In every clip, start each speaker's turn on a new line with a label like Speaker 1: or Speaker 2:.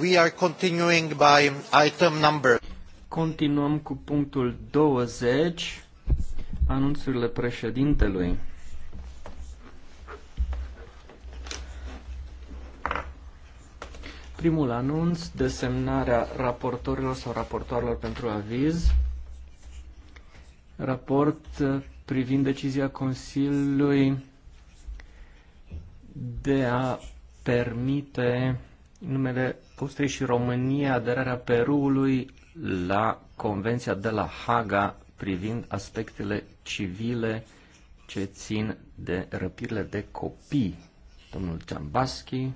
Speaker 1: We are continuing by item number. Continuăm cu
Speaker 2: punctul 20, anunțurile președintelui. Primul anunț, desemnarea raportorilor sau raportoarelor pentru aviz. Raport uh, privind decizia Consiliului de a permite numele Austriei și România aderarea Peruului la Convenția de la Haga privind aspectele civile ce țin de răpirile de copii. Domnul Ciambaschi,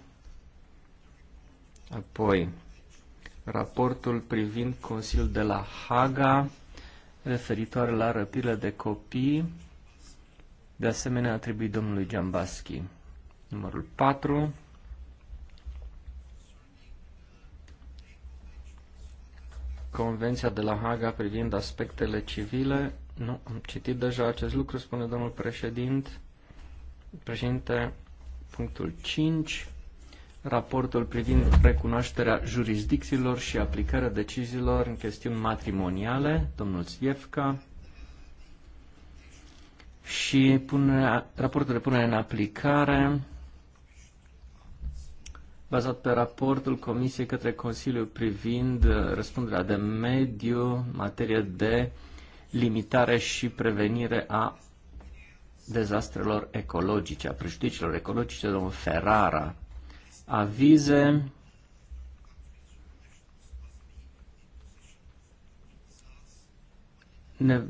Speaker 2: apoi raportul privind Consiliul de la Haga referitoare la răpirile de copii, de asemenea atribuit domnului Giambaschi. Numărul 4, Convenția de la Haga privind aspectele civile. Nu, am citit deja acest lucru, spune domnul președint. Președinte, punctul 5, raportul privind recunoașterea jurisdicțiilor și aplicarea deciziilor în chestiuni matrimoniale, domnul Țiefca, și punerea, raportul de punere în aplicare bazat pe raportul Comisiei către Consiliu privind uh, răspunderea de mediu în materie de limitare și prevenire a dezastrelor ecologice, a prejudicilor ecologice, domnul Ferrara. Avize ne,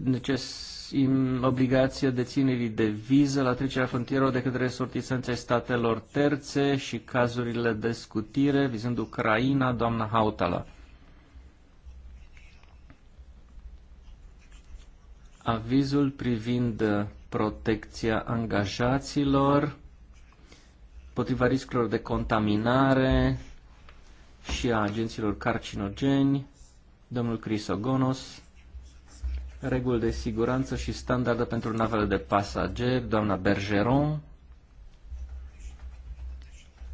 Speaker 2: obligația deținerii de viză la trecerea frontierelor de către resortisanții statelor terțe și cazurile de scutire vizând Ucraina, doamna Hautala. Avizul privind protecția angajaților, potriva riscurilor de contaminare și a agenților carcinogeni, domnul Chris Ogonos reguli de siguranță și standarde pentru navele de pasageri, doamna Bergeron,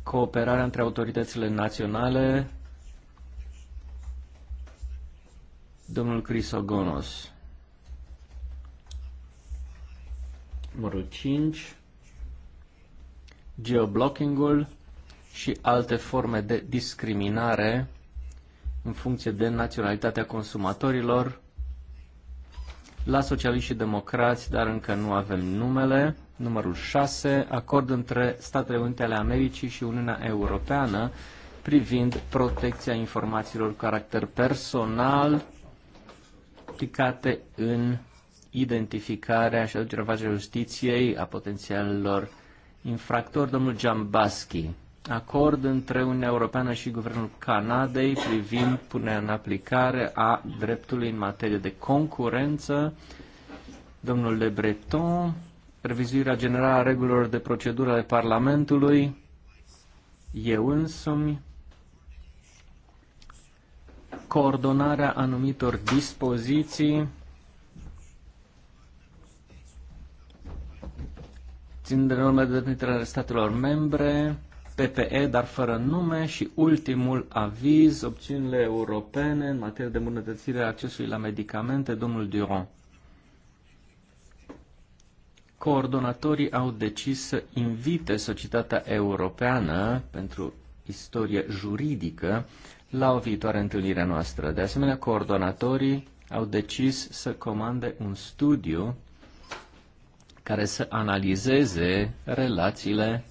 Speaker 2: cooperarea între autoritățile naționale, domnul Crisogonos. Numărul 5, geoblocking-ul și alte forme de discriminare în funcție de naționalitatea consumatorilor, la socialiști și democrați, dar încă nu avem numele. Numărul 6, acord între Statele Unite ale Americii și Uniunea Europeană privind protecția informațiilor cu caracter personal aplicate în identificarea și aducerea justiției a potențialilor infractori, domnul Giambaschi acord între Uniunea Europeană și Guvernul Canadei privind punerea în aplicare a dreptului în materie de concurență. Domnul Le Breton, revizuirea generală a regulilor de procedură ale Parlamentului, eu însumi, coordonarea anumitor dispoziții, țin de normele de statelor membre, PPE, dar fără nume și ultimul aviz, opțiunile europene în materie de îmbunătățire a accesului la medicamente, domnul Duron. Coordonatorii au decis să invite Societatea Europeană pentru Istorie Juridică la o viitoare întâlnire noastră. De asemenea, coordonatorii au decis să comande un studiu care să analizeze relațiile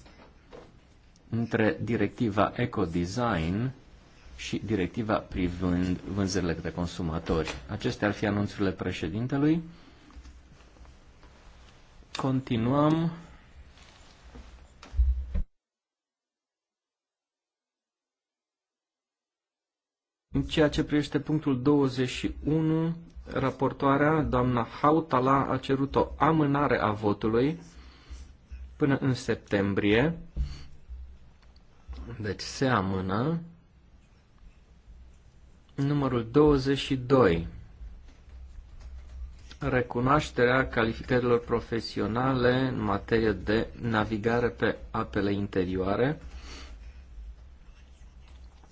Speaker 2: între directiva eco design și directiva privind vânzările de consumatori. Acestea ar fi anunțurile președintelui. Continuăm. În ceea ce privește punctul 21, raportoarea, doamna Hautala, a cerut o amânare a votului până în septembrie deci seamănă Numărul 22. Recunoașterea calificărilor profesionale în materie de navigare pe apele interioare.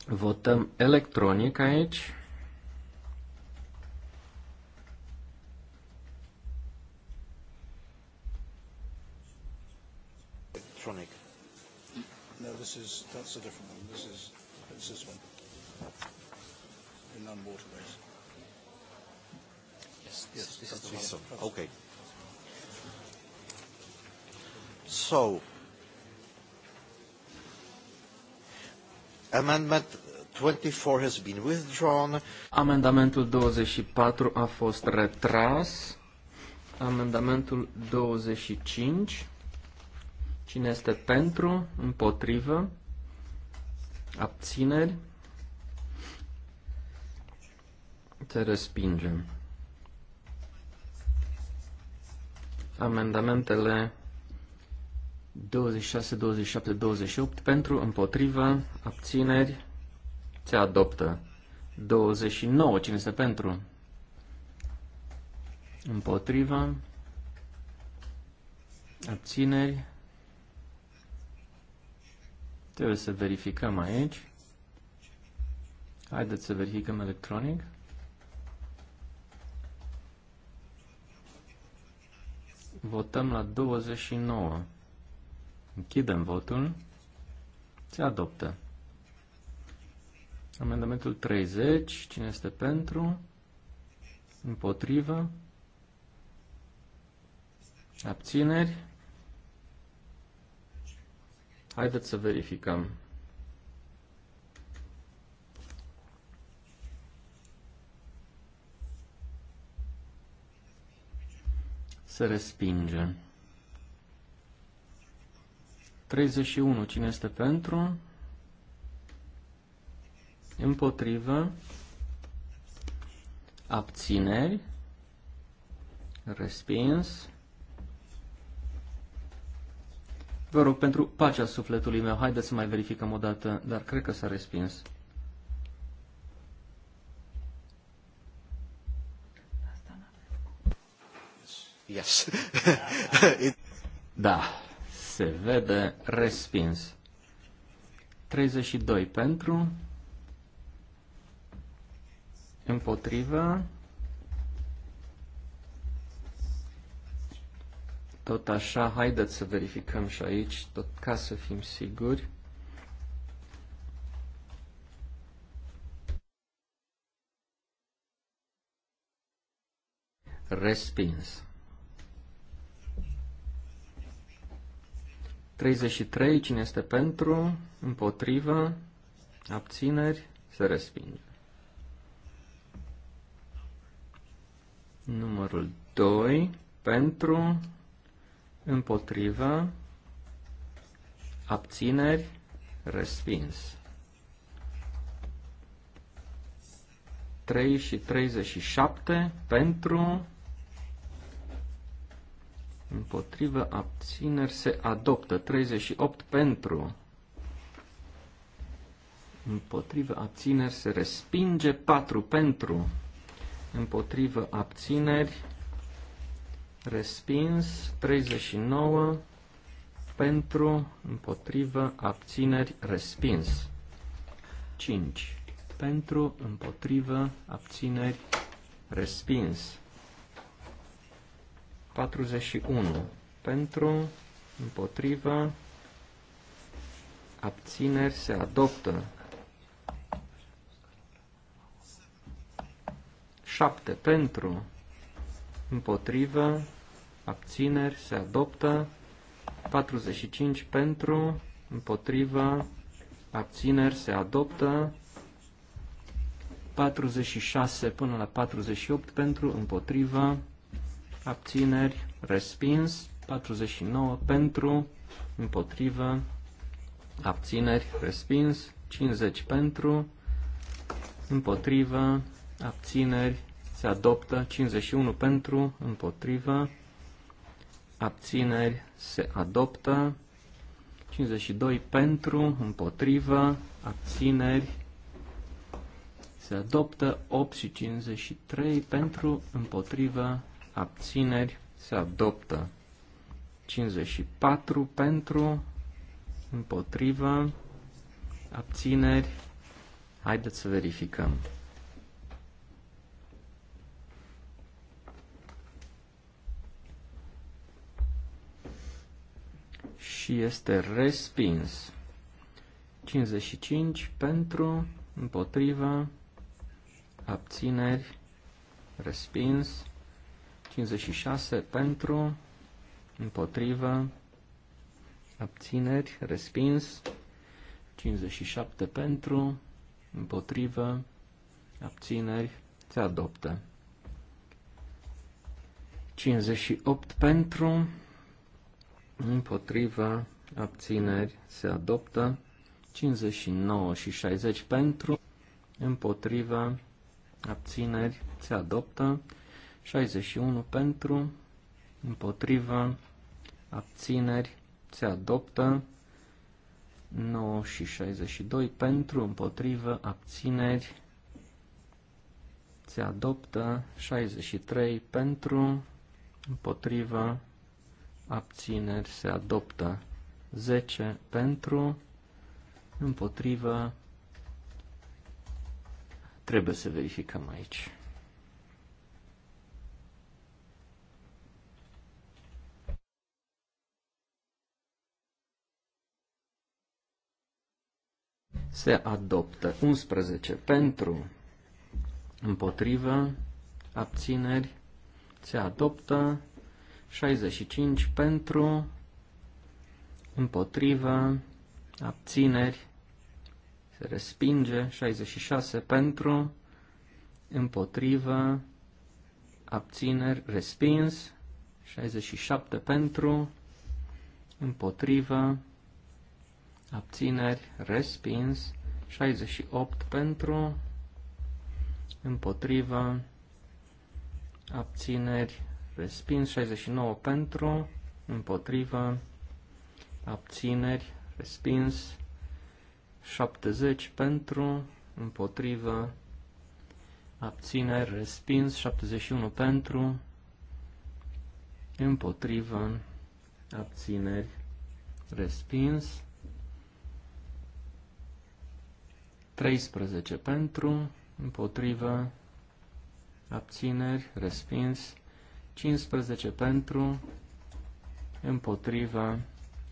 Speaker 2: Votăm electronic aici.
Speaker 1: that's a different one. This is it's this one. non-water base.
Speaker 3: Yes,
Speaker 2: yes, this, this is the this one. one.
Speaker 1: Okay. So, amendment 24 has been withdrawn. Amendamentul 24 a fost
Speaker 2: retras. Amendamentul 25. Cine este pentru? Împotrivă? Abțineri. Te respingem. Amendamentele 26, 27, 28 pentru, împotriva, abțineri, se adoptă. 29, cine este pentru? Împotriva, abțineri, Trebuie să verificăm aici. Haideți să verificăm electronic. Votăm la 29. Închidem votul. Se adoptă. Amendamentul 30. Cine este pentru? Împotrivă? Abțineri? Haideți să verificăm. Se respinge. 31. Cine este pentru? Împotrivă. Abțineri. Respins. Vă rog, pentru pacea sufletului meu, haideți să mai verificăm o dată, dar cred că s-a respins.
Speaker 1: Yes. da,
Speaker 2: se vede respins. 32 pentru, împotriva, Tot așa, haideți să verificăm și aici, tot ca să fim siguri. Respins. 33. Cine este pentru? Împotrivă? Abțineri? Se respinge. Numărul 2. Pentru? împotrivă, abțineri, respins. 3 și 37 pentru, împotrivă, abțineri, se adoptă. 38 pentru, împotrivă, abțineri, se respinge. 4 pentru, împotrivă, abțineri, respins, 39 pentru, împotrivă, abțineri, respins. 5. Pentru, împotrivă, abțineri, respins. 41. Pentru, împotrivă, abțineri, se adoptă. 7. Pentru, împotrivă, abțineri, se adoptă. 45 pentru, împotrivă, abțineri, se adoptă. 46 până la 48 pentru, împotrivă, abțineri, respins. 49 pentru, împotrivă, abțineri, respins. 50 pentru, împotrivă, abțineri, se adoptă 51 pentru, împotrivă, abțineri, se adoptă 52 pentru, împotrivă, abțineri, se adoptă 8 și 53 pentru, împotrivă, abțineri, se adoptă 54 pentru, împotrivă, abțineri, haideți să verificăm. și este respins. 55 pentru, împotriva, abțineri, respins. 56 pentru, împotriva, abțineri, respins. 57 pentru, împotrivă, abțineri, se adoptă. 58 pentru, împotriva, abțineri, se adoptă. 59 și 60 pentru, împotriva, abțineri, se adoptă. 61 pentru, împotriva, abțineri, se adoptă. 9 și 62 pentru, împotrivă, abțineri, se adoptă 63 pentru, împotrivă, abțineri se adoptă. 10 pentru, împotrivă, trebuie să verificăm aici. Se adoptă 11 pentru, împotrivă, abțineri, se adoptă 65 pentru, împotrivă, abțineri, se respinge, 66 pentru, împotrivă, abțineri, respins, 67 pentru, împotrivă, abțineri, respins, 68 pentru, împotrivă, abțineri, respins, 69 pentru, împotrivă, abțineri, respins, 70 pentru, împotrivă, abțineri, respins, 71 pentru, împotrivă, abțineri, respins, 13 pentru, împotrivă, abțineri, respins, 15 pentru, împotriva,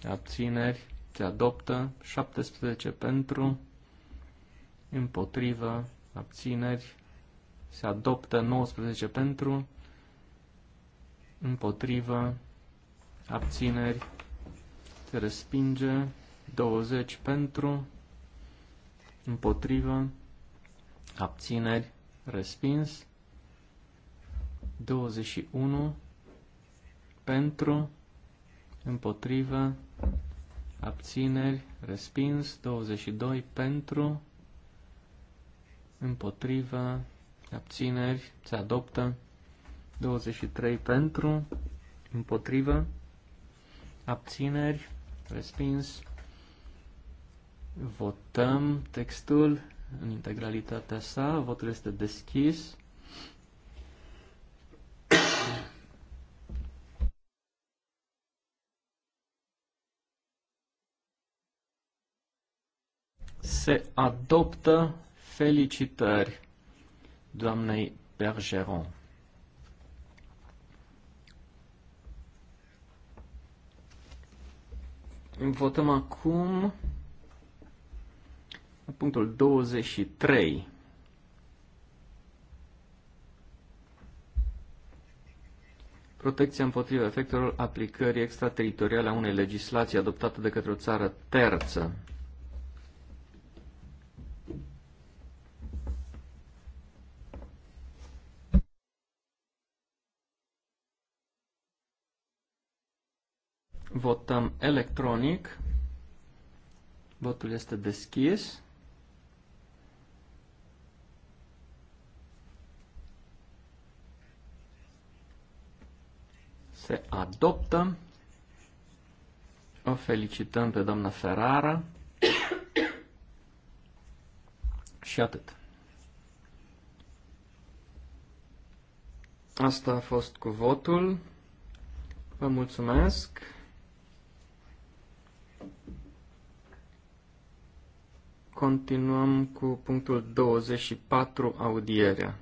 Speaker 2: abțineri, se adoptă. 17 pentru, împotriva, abțineri, se adoptă. 19 pentru, împotriva, abțineri, se respinge. 20 pentru, împotriva, abțineri, respins. 21 pentru, împotrivă, abțineri, respins, 22 pentru, împotrivă, abțineri, se adoptă, 23 pentru, împotrivă, abțineri, respins, votăm textul în integralitatea sa, votul este deschis, se adoptă. Felicitări doamnei Bergeron. Votăm acum punctul 23. Protecția împotriva efectelor aplicării extrateritoriale a unei legislații adoptate de către o țară terță. Votăm electronic. Votul este deschis. Se adoptă. O felicităm pe doamna Ferrara. Și atât. Asta a fost cu votul. Vă mulțumesc. Continuăm cu punctul 24, audierea.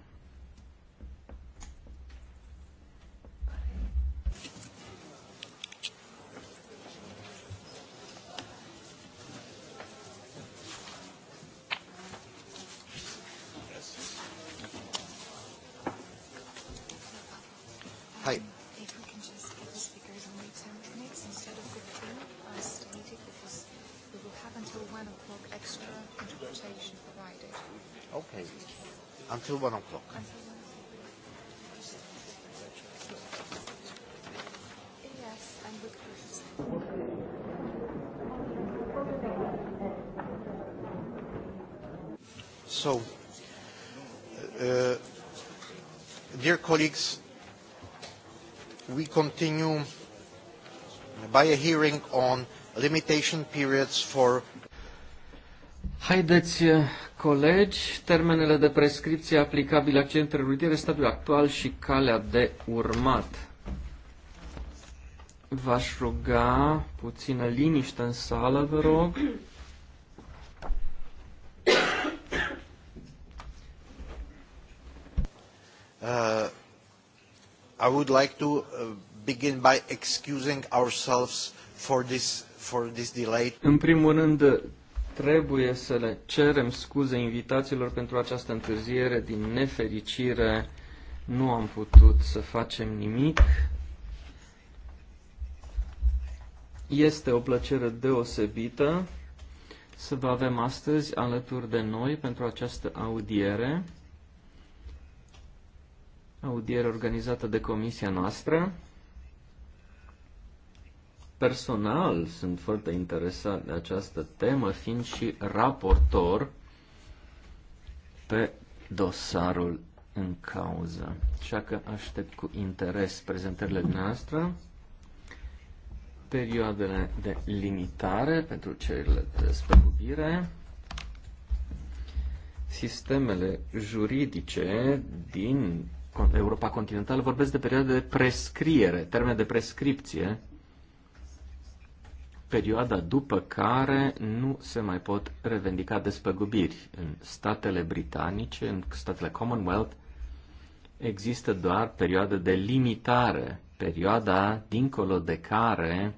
Speaker 1: continue by a hearing on limitation periods for Haideți, eh,
Speaker 2: colegi, termenele de prescripție aplicabile accidentelor rutier, stadiul actual și calea de urmat. V-aș ruga puțină liniște în sală, vă rog.
Speaker 1: Uh, I would like to uh, begin by excusing ourselves for this, for this delay.
Speaker 2: În primul rând, trebuie să le cerem scuze invitațiilor pentru această întârziere. Din nefericire, nu am putut să facem nimic. Este o plăcere deosebită să vă avem astăzi alături de noi pentru această audiere, audiere organizată de comisia noastră personal sunt foarte interesat de această temă, fiind și raportor pe dosarul în cauză. Așa că aștept cu interes prezentările noastre, perioadele de limitare pentru cererile de spăgubire, sistemele juridice din Europa continentală vorbesc de perioade de prescriere, termen de prescripție, perioada după care nu se mai pot revendica despăgubiri. În statele britanice, în statele Commonwealth, există doar perioada de limitare, perioada dincolo de care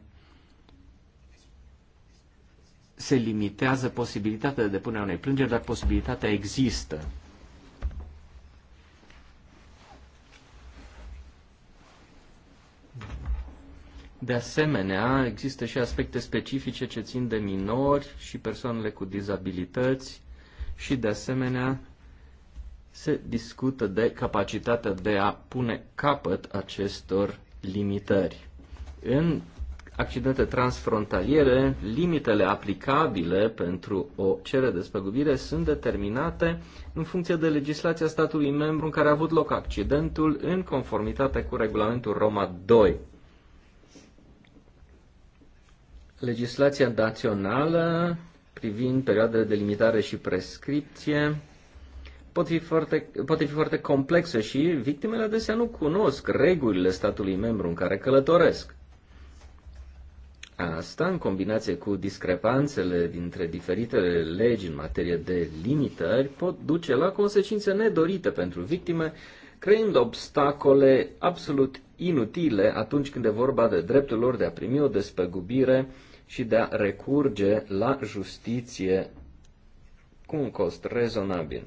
Speaker 2: se limitează posibilitatea de depunere unei plângeri, dar posibilitatea există. De asemenea, există și aspecte specifice ce țin de minori și persoanele cu dizabilități și, de asemenea, se discută de capacitatea de a pune capăt acestor limitări. În accidente transfrontaliere, limitele aplicabile pentru o cerere de spăgubire sunt determinate în funcție de legislația statului membru în care a avut loc accidentul, în conformitate cu regulamentul Roma 2. legislația națională privind perioadele de limitare și prescripție pot fi foarte, poate fi foarte complexe și victimele adesea nu cunosc regulile statului membru în care călătoresc. Asta, în combinație cu discrepanțele dintre diferitele legi în materie de limitări, pot duce la consecințe nedorite pentru victime, creând obstacole absolut inutile atunci când e vorba de dreptul lor de a primi o despăgubire și de a recurge la justiție cu un cost rezonabil.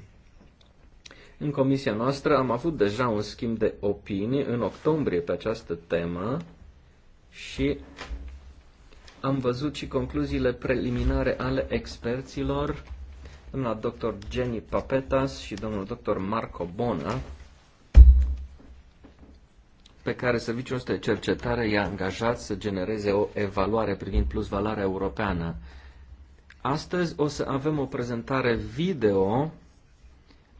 Speaker 2: În comisia noastră am avut deja un schimb de opinii în octombrie pe această temă și am văzut și concluziile preliminare ale experților, doamna dr. Jenny Papetas și domnul dr. Marco Bona, pe care serviciul ăsta de cercetare i-a angajat să genereze o evaluare privind plus valoarea europeană. Astăzi o să avem o prezentare video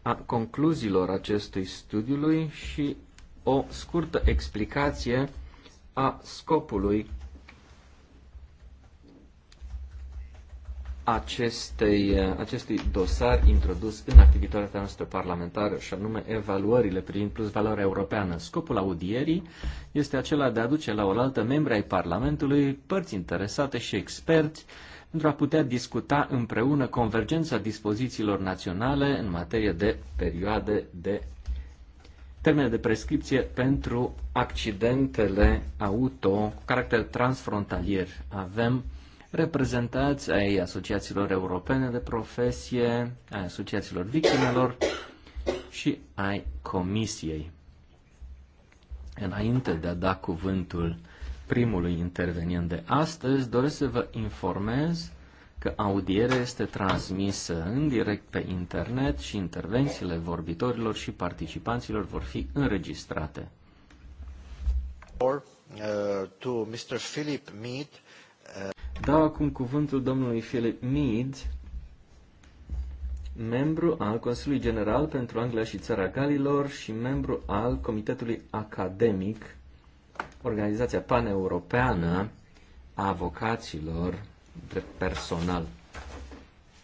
Speaker 2: a concluziilor acestui studiului și o scurtă explicație a scopului acestei, acestui dosar introdus în activitatea noastră parlamentară, și anume evaluările privind plus valoarea europeană. Scopul audierii este acela de a aduce la oaltă membri ai Parlamentului, părți interesate și experți, pentru a putea discuta împreună convergența dispozițiilor naționale în materie de perioade de termene de prescripție pentru accidentele auto cu caracter transfrontalier. Avem reprezentați ai asociațiilor europene de profesie, ai asociațiilor victimelor și ai comisiei. Înainte de a da cuvântul primului intervenient de astăzi, doresc să vă informez că audierea este transmisă în direct pe internet și intervențiile vorbitorilor și participanților vor fi înregistrate.
Speaker 1: Or, uh, to Mr. Philip Mead, uh,
Speaker 2: Dau acum cuvântul domnului Philip Mead, membru al Consiliului General pentru Anglia și Țara Galilor și membru al Comitetului Academic, organizația paneuropeană a avocaților de personal.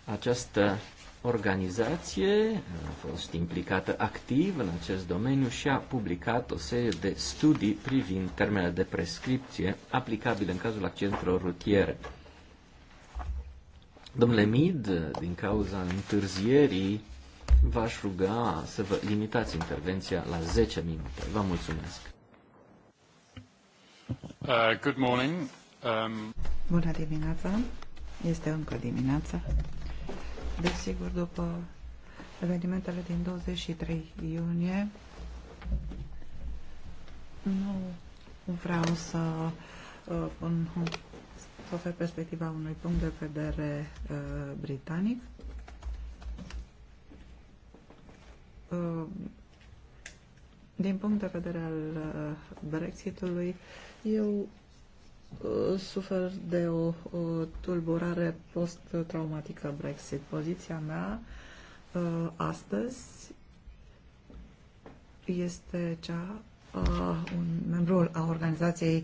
Speaker 2: Această organizație a fost implicată activ în acest domeniu și a publicat o serie de studii privind termenele de prescripție aplicabile în cazul accidentelor rutiere. Domnule Mid, din cauza întârzierii, v-aș ruga să vă limitați intervenția la 10 minute. Vă mulțumesc.
Speaker 4: Uh, good morning. Um...
Speaker 3: Bună dimineața. Este încă dimineața. Desigur, după evenimentele din 23 iunie, nu vreau să pun, uh, să ofer perspectiva unui punct de vedere uh, britanic. Uh, din punct de vedere al Brexitului, eu Uh, sufer de o, tulburare post-traumatică Brexit. Poziția mea uh, astăzi este cea un membru a organizației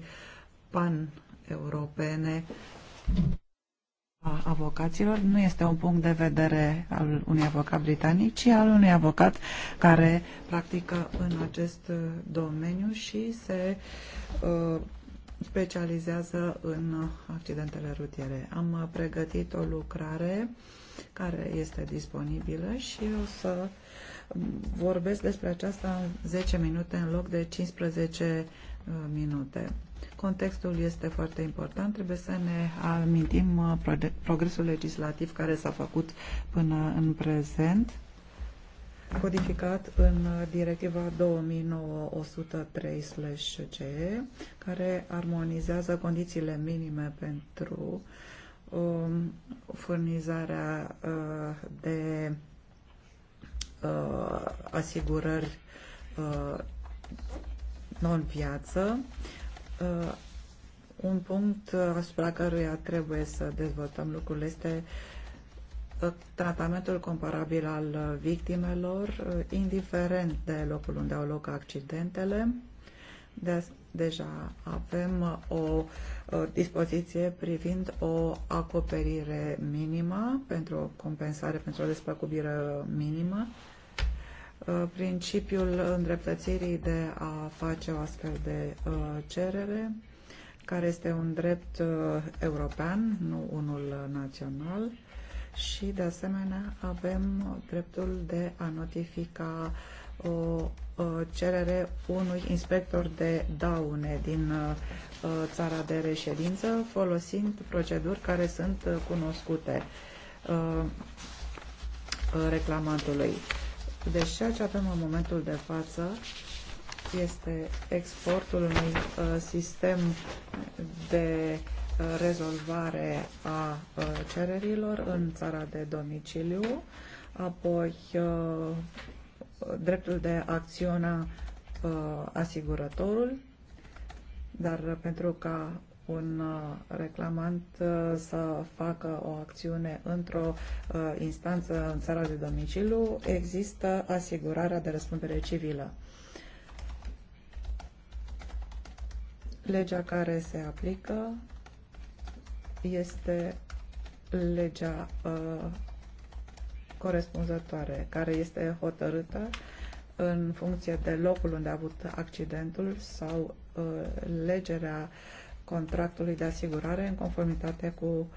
Speaker 3: pan-europene a avocaților. Nu este un punct de vedere al unui avocat britanic, ci al unui avocat care practică în acest domeniu și se uh, specializează în accidentele rutiere. Am pregătit o lucrare care este disponibilă și o să vorbesc despre aceasta în 10 minute în loc de 15 uh, minute. Contextul este foarte important. Trebuie să ne amintim uh, progresul legislativ care s-a făcut până în prezent codificat în directiva 2903-CE, care armonizează condițiile minime pentru um, furnizarea uh, de uh, asigurări uh, non-viață, uh, un punct uh, asupra căruia trebuie să dezvoltăm lucrurile este uh, tratamentul comparabil al victimelor, indiferent de locul unde au loc accidentele. De deja avem o dispoziție privind o acoperire minimă pentru o compensare, pentru o despăcubire minimă. Uh, principiul îndreptățirii de a face o astfel de uh, cerere, care este un drept uh, european, nu unul național și, de asemenea, avem dreptul de a notifica o cerere unui inspector de daune din uh, țara de reședință, folosind proceduri care sunt cunoscute uh, reclamantului. Deci ceea ce avem în momentul de față este exportul unui uh, sistem de rezolvare a cererilor în țara de domiciliu, apoi dreptul de a acționa asigurătorul, dar pentru ca un reclamant să facă o acțiune într-o instanță în țara de domiciliu, există asigurarea de răspundere civilă. Legea care se aplică este legea uh, corespunzătoare, care este hotărâtă în funcție de locul unde a avut accidentul sau uh, legerea contractului de asigurare în conformitate cu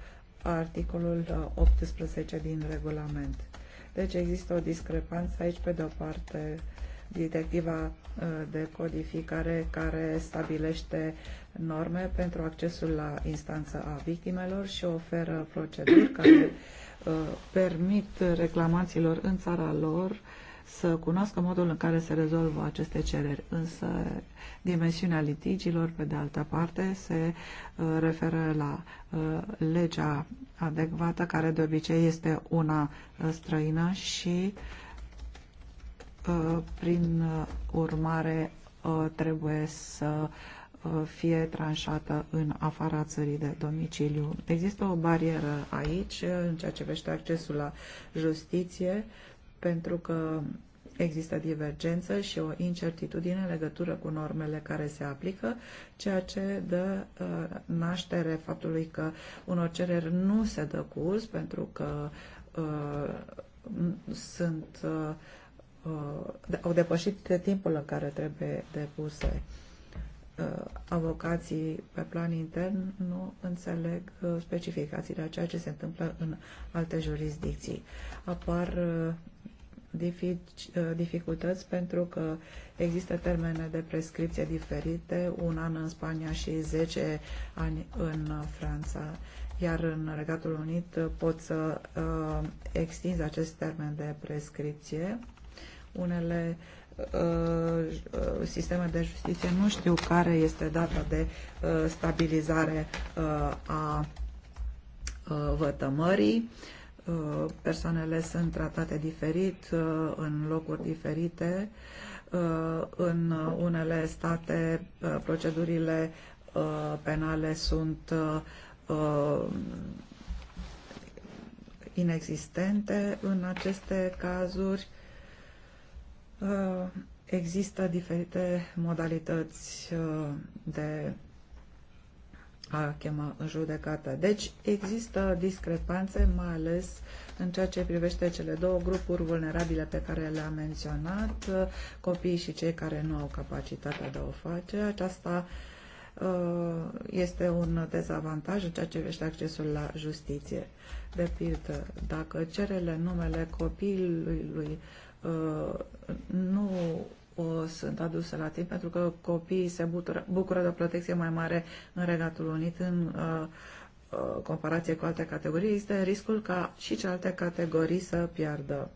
Speaker 3: articolul 18 uh, din regulament. Deci există o discrepanță aici, pe de o parte, uh, directiva uh, de codificare care stabilește norme pentru accesul la instanță a victimelor și oferă proceduri care uh, permit reclamanților în țara lor să cunoască modul în care se rezolvă aceste cereri. Însă dimensiunea litigilor, pe de altă parte, se uh, referă la legea adecvată, care de obicei este una străină și uh, Uh, prin uh, urmare uh, trebuie să fie tranșată în afara țării de domiciliu. Există o barieră aici în ceea ce vește accesul la justiție pentru că există divergență și o incertitudine în legătură cu normele care se aplică, ceea ce dă naștere faptului că unor cereri nu se dă curs pentru că sunt uh, Uh, au depășit timpul în care trebuie depuse uh, avocații pe plan intern, nu înțeleg uh, specificațiile a ceea ce se întâmplă în alte jurisdicții. Apar dificultăți pentru că există termene de prescripție diferite, un an în Spania și 10 ani în Franța. Iar în Regatul Unit pot să uh, extinzi acest termen de prescripție unele uh, sisteme de justiție nu știu care este data de uh, stabilizare uh, a uh, vătămării. Uh, persoanele sunt tratate diferit uh, în locuri diferite. În unele state procedurile penale sunt inexistente în aceste cazuri Uh, există diferite modalități uh, de a chema în judecată. Deci există discrepanțe, mai ales în ceea ce privește cele două grupuri vulnerabile pe care le-am menționat, uh, copiii și cei care nu au capacitatea de a o face. Aceasta este un dezavantaj în ceea ce privește accesul la justiție. De pildă, dacă cerele numele copilului Uh, nu uh, sunt aduse la timp pentru că copiii se butură, bucură de o protecție mai mare în Regatul Unit în uh, comparație cu alte categorii. Este riscul ca și celelalte categorii să piardă.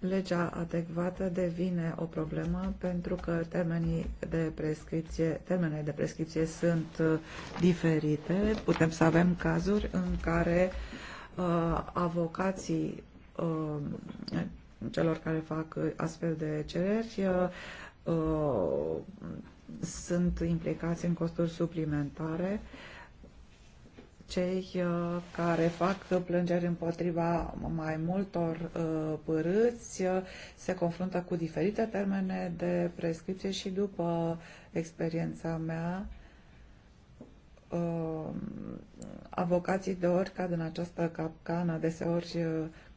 Speaker 3: Legea adecvată devine o problemă pentru că termenii de prescripție, termenele de prescripție sunt diferite. Putem să avem cazuri în care uh, avocații Uh, celor care fac astfel de cereri uh, sunt implicați în costuri suplimentare. Cei uh, care fac plângeri împotriva mai multor părâți se confruntă cu diferite termene de prescripție și după experiența mea, avocații de oricad în această capcană deseori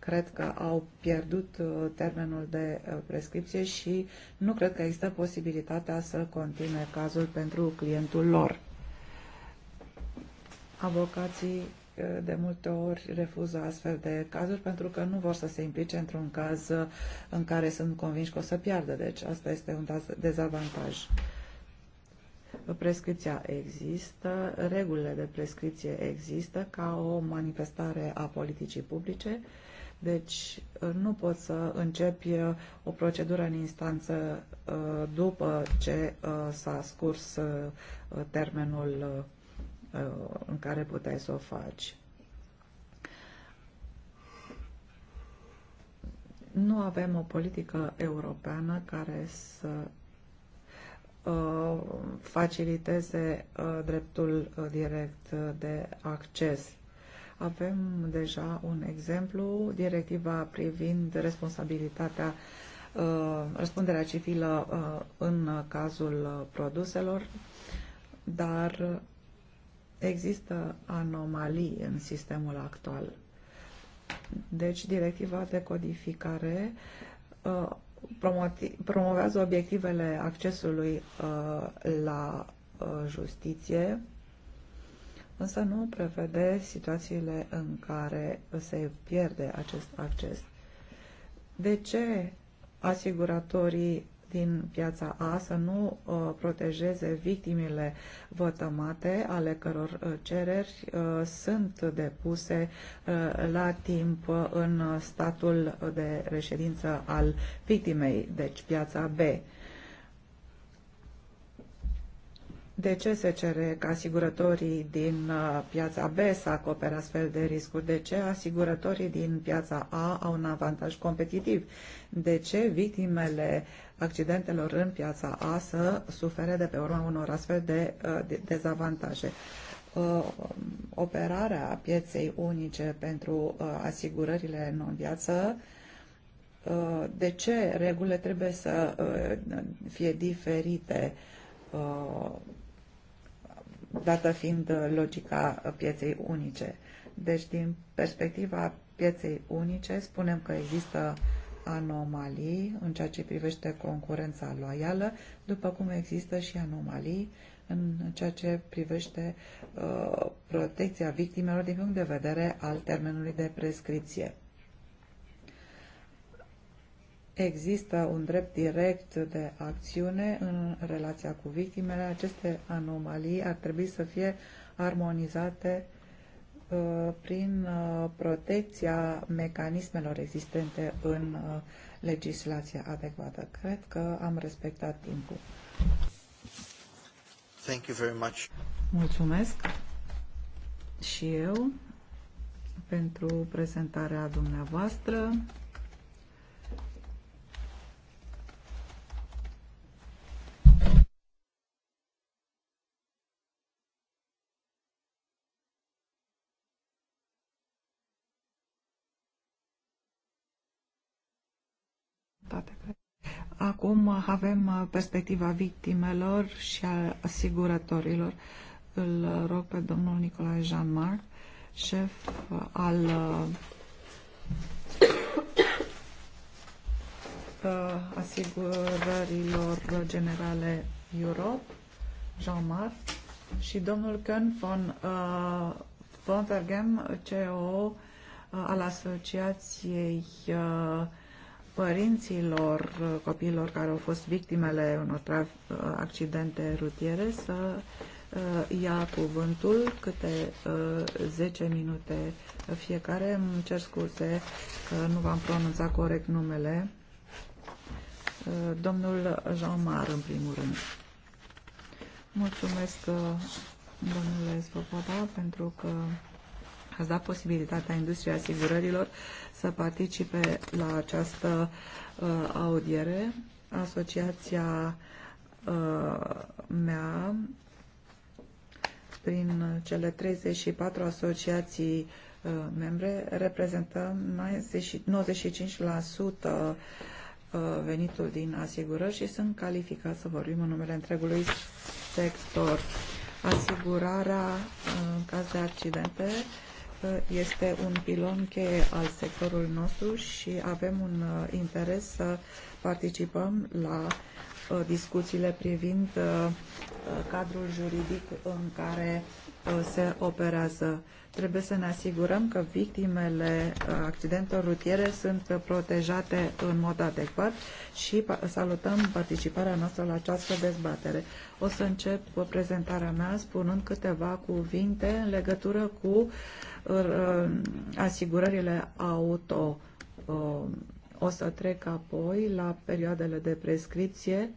Speaker 3: cred că au pierdut uh, termenul de uh, prescripție și nu cred că există posibilitatea să continue cazul pentru clientul lor. Avocații uh, de multe ori refuză astfel de cazuri pentru că nu vor să se implice într-un caz în care sunt convinși că o să piardă. Deci asta este un dezavantaj. Prescripția există, regulile de prescripție există ca o manifestare a politicii publice deci uh, nu poți să începi uh, o procedură în instanță uh, după ce s-a scurs termenul în care puteai să o faci. Nu avem o politică europeană care să faciliteze dreptul direct de acces avem deja un exemplu, directiva privind responsabilitatea, uh, răspunderea civilă uh, în cazul produselor, dar există anomalii în sistemul actual. Deci, directiva de codificare uh, promovează obiectivele accesului la justiție însă nu prevede situațiile în care se pierde acest acces. De ce asiguratorii din piața A să nu uh, protejeze victimele vătămate ale căror uh, cereri uh, sunt depuse uh, la timp în statul de reședință al victimei, deci piața B. De ce se cere ca asigurătorii din uh, piața B să acopere astfel de riscuri? De ce asigurătorii din piața A au un avantaj competitiv? De ce victimele accidentelor în piața A să sufere de pe urma unor astfel de, uh, de dezavantaje? Uh, operarea pieței unice pentru asigurările non-viață de ce regulile trebuie să fie diferite dată fiind uh, logica uh, pieței unice. Deci, din perspectiva pieței unice, spunem că există anomalii în ceea ce privește concurența loială, după cum există și anomalii în ceea ce privește uh, protecția victimelor din punct de vedere al termenului de prescripție există un drept direct de acțiune în relația cu victimele, aceste anomalii ar trebui să fie armonizate uh, prin uh, protecția mecanismelor existente în uh, legislația adecvată. Cred că am respectat timpul.
Speaker 1: Thank you very much.
Speaker 3: Mulțumesc și eu pentru prezentarea dumneavoastră. acum avem uh, perspectiva victimelor și a asigurătorilor. Îl uh, rog pe domnul Nicolae Jean-Marc, șef uh, al asigurărilor generale Europe, Jean-Marc, și domnul Ken von von Vontergem, CEO al Asociației uh, părinților copiilor care au fost victimele unor accidente rutiere să uh, ia cuvântul câte 10 uh, minute fiecare. Îmi cer scuze că nu v-am pronunțat corect numele. Uh, domnul Jean-Mar, în primul rând. Mulțumesc, domnule Svoboda, pentru că ați dat posibilitatea industriei asigurărilor să participe la această uh, audiere. Asociația uh, mea, prin cele 34 asociații uh, membre, reprezentă 95% uh, venitul din asigurări și sunt calificat să vorbim în numele întregului sector. Asigurarea uh, în caz de accidente că este un pilon cheie al sectorului nostru și avem un uh, interes să participăm la uh, discuțiile privind uh, cadrul juridic în care se operează Trebuie să ne asigurăm că victimele uh, accidentelor rutiere sunt protejate în mod adecvat și salutăm participarea noastră la această dezbatere. O să încep prezentarea mea spunând câteva cuvinte în legătură cu uh, asigurările auto. Uh, o să trec apoi la perioadele de prescripție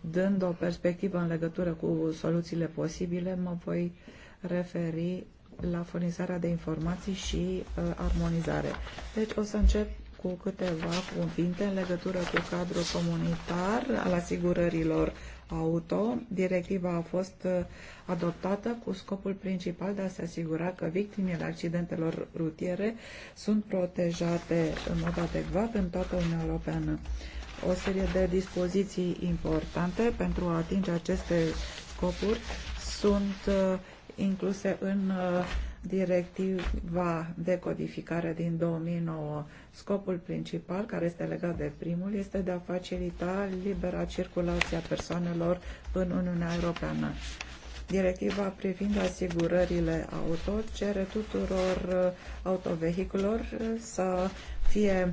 Speaker 3: dând o perspectivă în legătură cu soluțiile posibile, mă voi referi la furnizarea de informații și uh, armonizare. Deci o să încep cu câteva cuvinte în legătură cu cadrul comunitar al asigurărilor auto. Directiva a fost uh, adoptată cu scopul principal de a se asigura că victimele accidentelor rutiere sunt protejate în mod adecvat în toată Uniunea Europeană o serie de dispoziții importante pentru a atinge aceste scopuri sunt uh, incluse în uh, directiva de codificare din 2009. Scopul principal, care este legat de primul, este de a facilita libera circulație a persoanelor în Uniunea Europeană. Directiva privind asigurările auto cere tuturor uh, autovehiculor să fie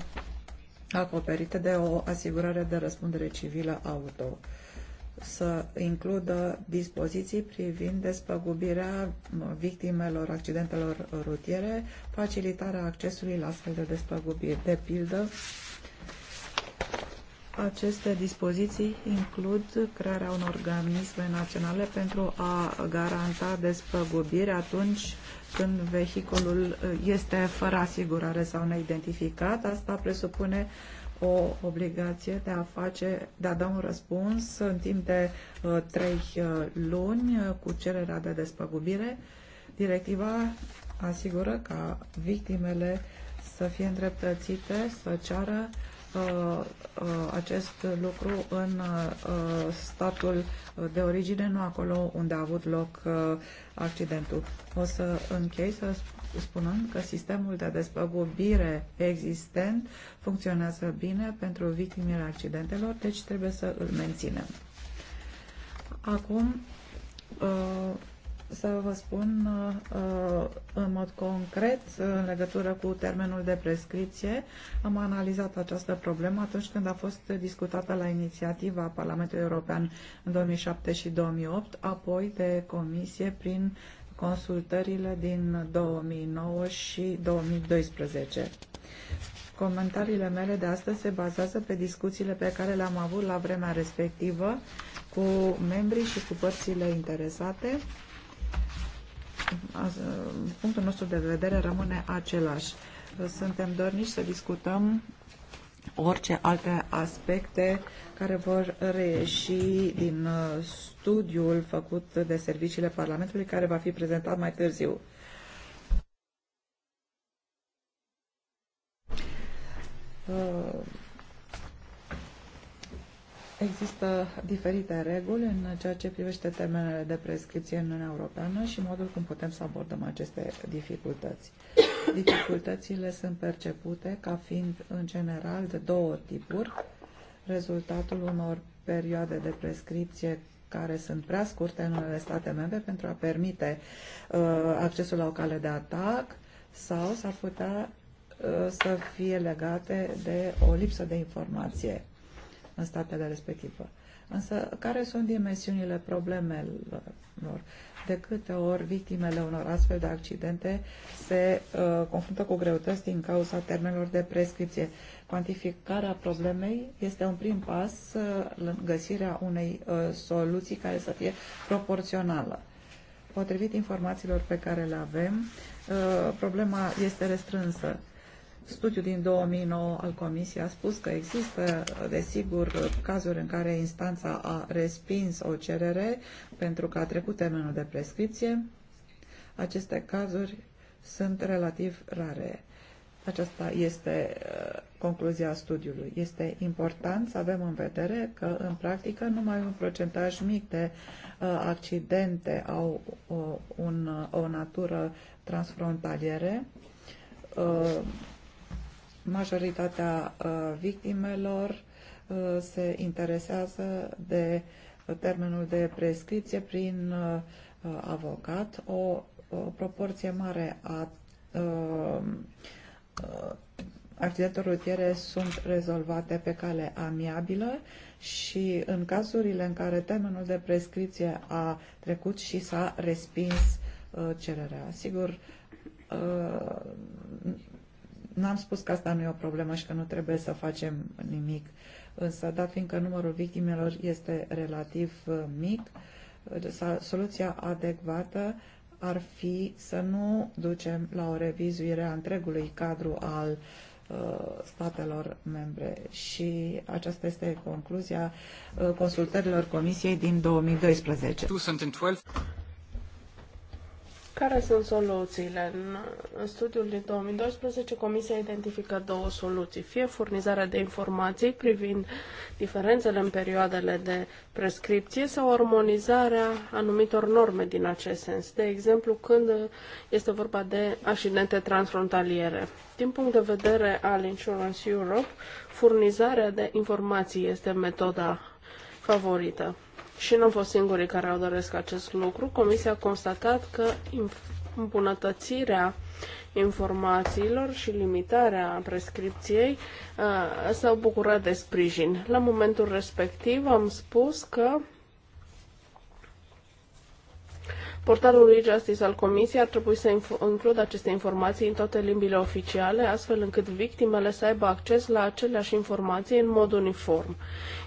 Speaker 3: acoperite de o asigurare de răspundere civilă auto să includă dispoziții privind despăgubirea victimelor accidentelor rutiere, facilitarea accesului la astfel de despăgubiri. De pildă, aceste dispoziții includ crearea unor organisme naționale pentru a garanta despăgubiri atunci când vehiculul este fără asigurare sau neidentificat. Asta presupune o obligație de a face, de a da un răspuns în timp de uh, trei uh, luni uh, cu cererea de despăgubire. Directiva asigură ca victimele să fie îndreptățite, să ceară Uh, uh, acest lucru în uh, statul de origine, nu acolo unde a avut loc accidentul. O să închei să spunând că sistemul de despăgubire existent funcționează bine pentru victimele accidentelor, deci trebuie să îl menținem. Acum, să vă spun uh, în mod concret în legătură cu termenul de prescripție. Am analizat această problemă atunci când a fost discutată la inițiativa Parlamentului European în 2007 și 2008, apoi de comisie prin consultările din 2009 și 2012. Comentariile mele de astăzi se bazează pe discuțiile pe care le-am avut la vremea respectivă cu membrii și cu părțile interesate punctul nostru de vedere rămâne același. Suntem dornici să discutăm orice alte aspecte care vor reieși din uh, studiul făcut de serviciile Parlamentului, care va fi prezentat mai târziu. Uh, Există diferite reguli în ceea ce privește termenele de prescripție în Uniunea Europeană și modul cum putem să abordăm aceste dificultăți. Dificultățile sunt percepute ca fiind, în general, de două tipuri. Rezultatul unor perioade de prescripție care sunt prea scurte în unele state membre pentru a permite uh, accesul la o cale de atac sau s-ar putea uh, să fie legate de o lipsă de informație în statele respective. Însă, care sunt dimensiunile problemelor? De câte ori victimele unor astfel de accidente se uh, confruntă cu greutăți din cauza termenelor de prescripție? Cuantificarea problemei este un prim pas uh, în găsirea unei uh, soluții care să fie proporțională. Potrivit informațiilor pe care le avem, uh, problema este restrânsă Studiul din 2009 al Comisiei a spus că există, desigur, cazuri în care instanța a respins o cerere pentru că a trecut termenul de prescripție. Aceste cazuri sunt relativ rare. Aceasta este uh, concluzia studiului. Este important să avem în vedere că, în practică, numai un procentaj mic de uh, accidente au o, uh, un, o natură transfrontaliere. Uh, Majoritatea uh, victimelor uh, se interesează de uh, termenul de prescripție prin avocat. O, proporție mare a accidentelor rutiere sunt rezolvate pe cale amiabilă și în cazurile în care termenul de prescripție a trecut și s-a respins cererea. Sigur, N-am spus că asta nu e o problemă și că nu trebuie să facem nimic, însă dat fiindcă numărul victimelor este relativ uh, mic, uh, soluția adecvată ar fi să nu ducem la o revizuire a întregului cadru al uh, statelor membre și aceasta este concluzia consultărilor Comisiei din 2012.
Speaker 5: Care sunt soluțiile? În studiul din 2012, Comisia identifică două soluții. Fie furnizarea de informații privind diferențele în perioadele de prescripție sau armonizarea anumitor norme din acest sens, de exemplu când este vorba de accidente transfrontaliere. Din punct de vedere al Insurance Europe, furnizarea de informații este metoda favorită și nu au fost singurii care au doresc acest lucru. Comisia a constatat că îmbunătățirea informațiilor și limitarea prescripției uh, s-au bucurat de sprijin. La momentul respectiv am spus că Portalul e-justice al Comisiei ar trebui să includă aceste informații în toate limbile oficiale, astfel încât victimele să aibă acces la aceleași informații în mod uniform.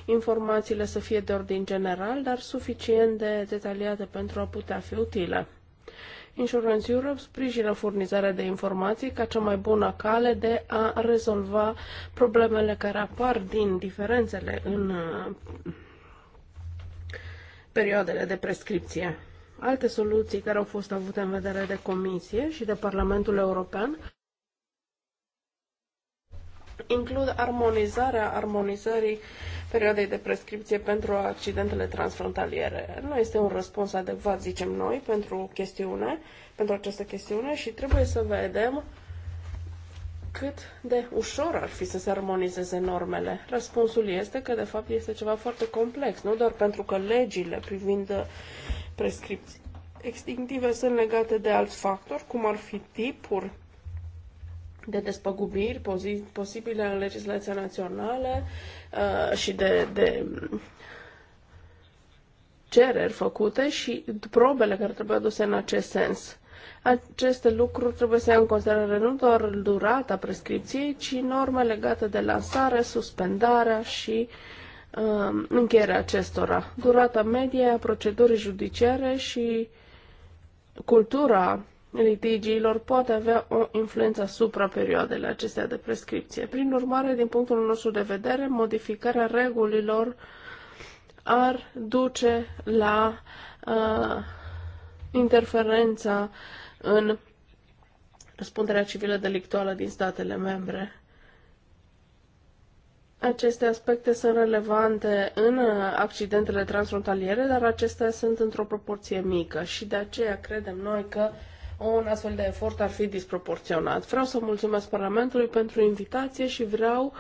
Speaker 5: Informațiile să fie de ordin general, dar suficient de detaliate pentru a putea fi utile. Insurance Europe sprijină furnizarea de informații ca cea mai bună cale de a rezolva problemele care apar din diferențele în uh, perioadele de prescripție. Alte soluții care au fost avute în vedere de Comisie și de Parlamentul European includ armonizarea armonizării perioadei de prescripție pentru accidentele transfrontaliere. Nu este un răspuns adecvat, zicem noi, pentru chestiune, pentru această chestiune și trebuie să vedem cât de ușor ar fi să se armonizeze normele. Răspunsul este că, de fapt, este ceva foarte complex, nu doar pentru că legile privind prescripții extinctive sunt legate de alți factori, cum ar fi tipuri de despăgubiri posibile în legislația națională uh, și de, de cereri făcute și probele care trebuie aduse în acest sens. Aceste lucruri trebuie să ia în considerare nu doar durata prescripției, ci norme legate de lansare, suspendarea și uh, Um, încheierea acestora. Durata medie a procedurii judiciare și cultura litigiilor poate avea o influență asupra perioadele acestea de prescripție. Prin urmare, din punctul nostru de vedere, modificarea regulilor ar duce la uh, interferența în răspunderea civilă delictuală din statele membre. Aceste aspecte sunt relevante în uh, accidentele transfrontaliere, dar acestea sunt într-o proporție mică și de aceea credem noi că un astfel de efort ar fi disproporționat. Vreau să mulțumesc Parlamentului pentru invitație și vreau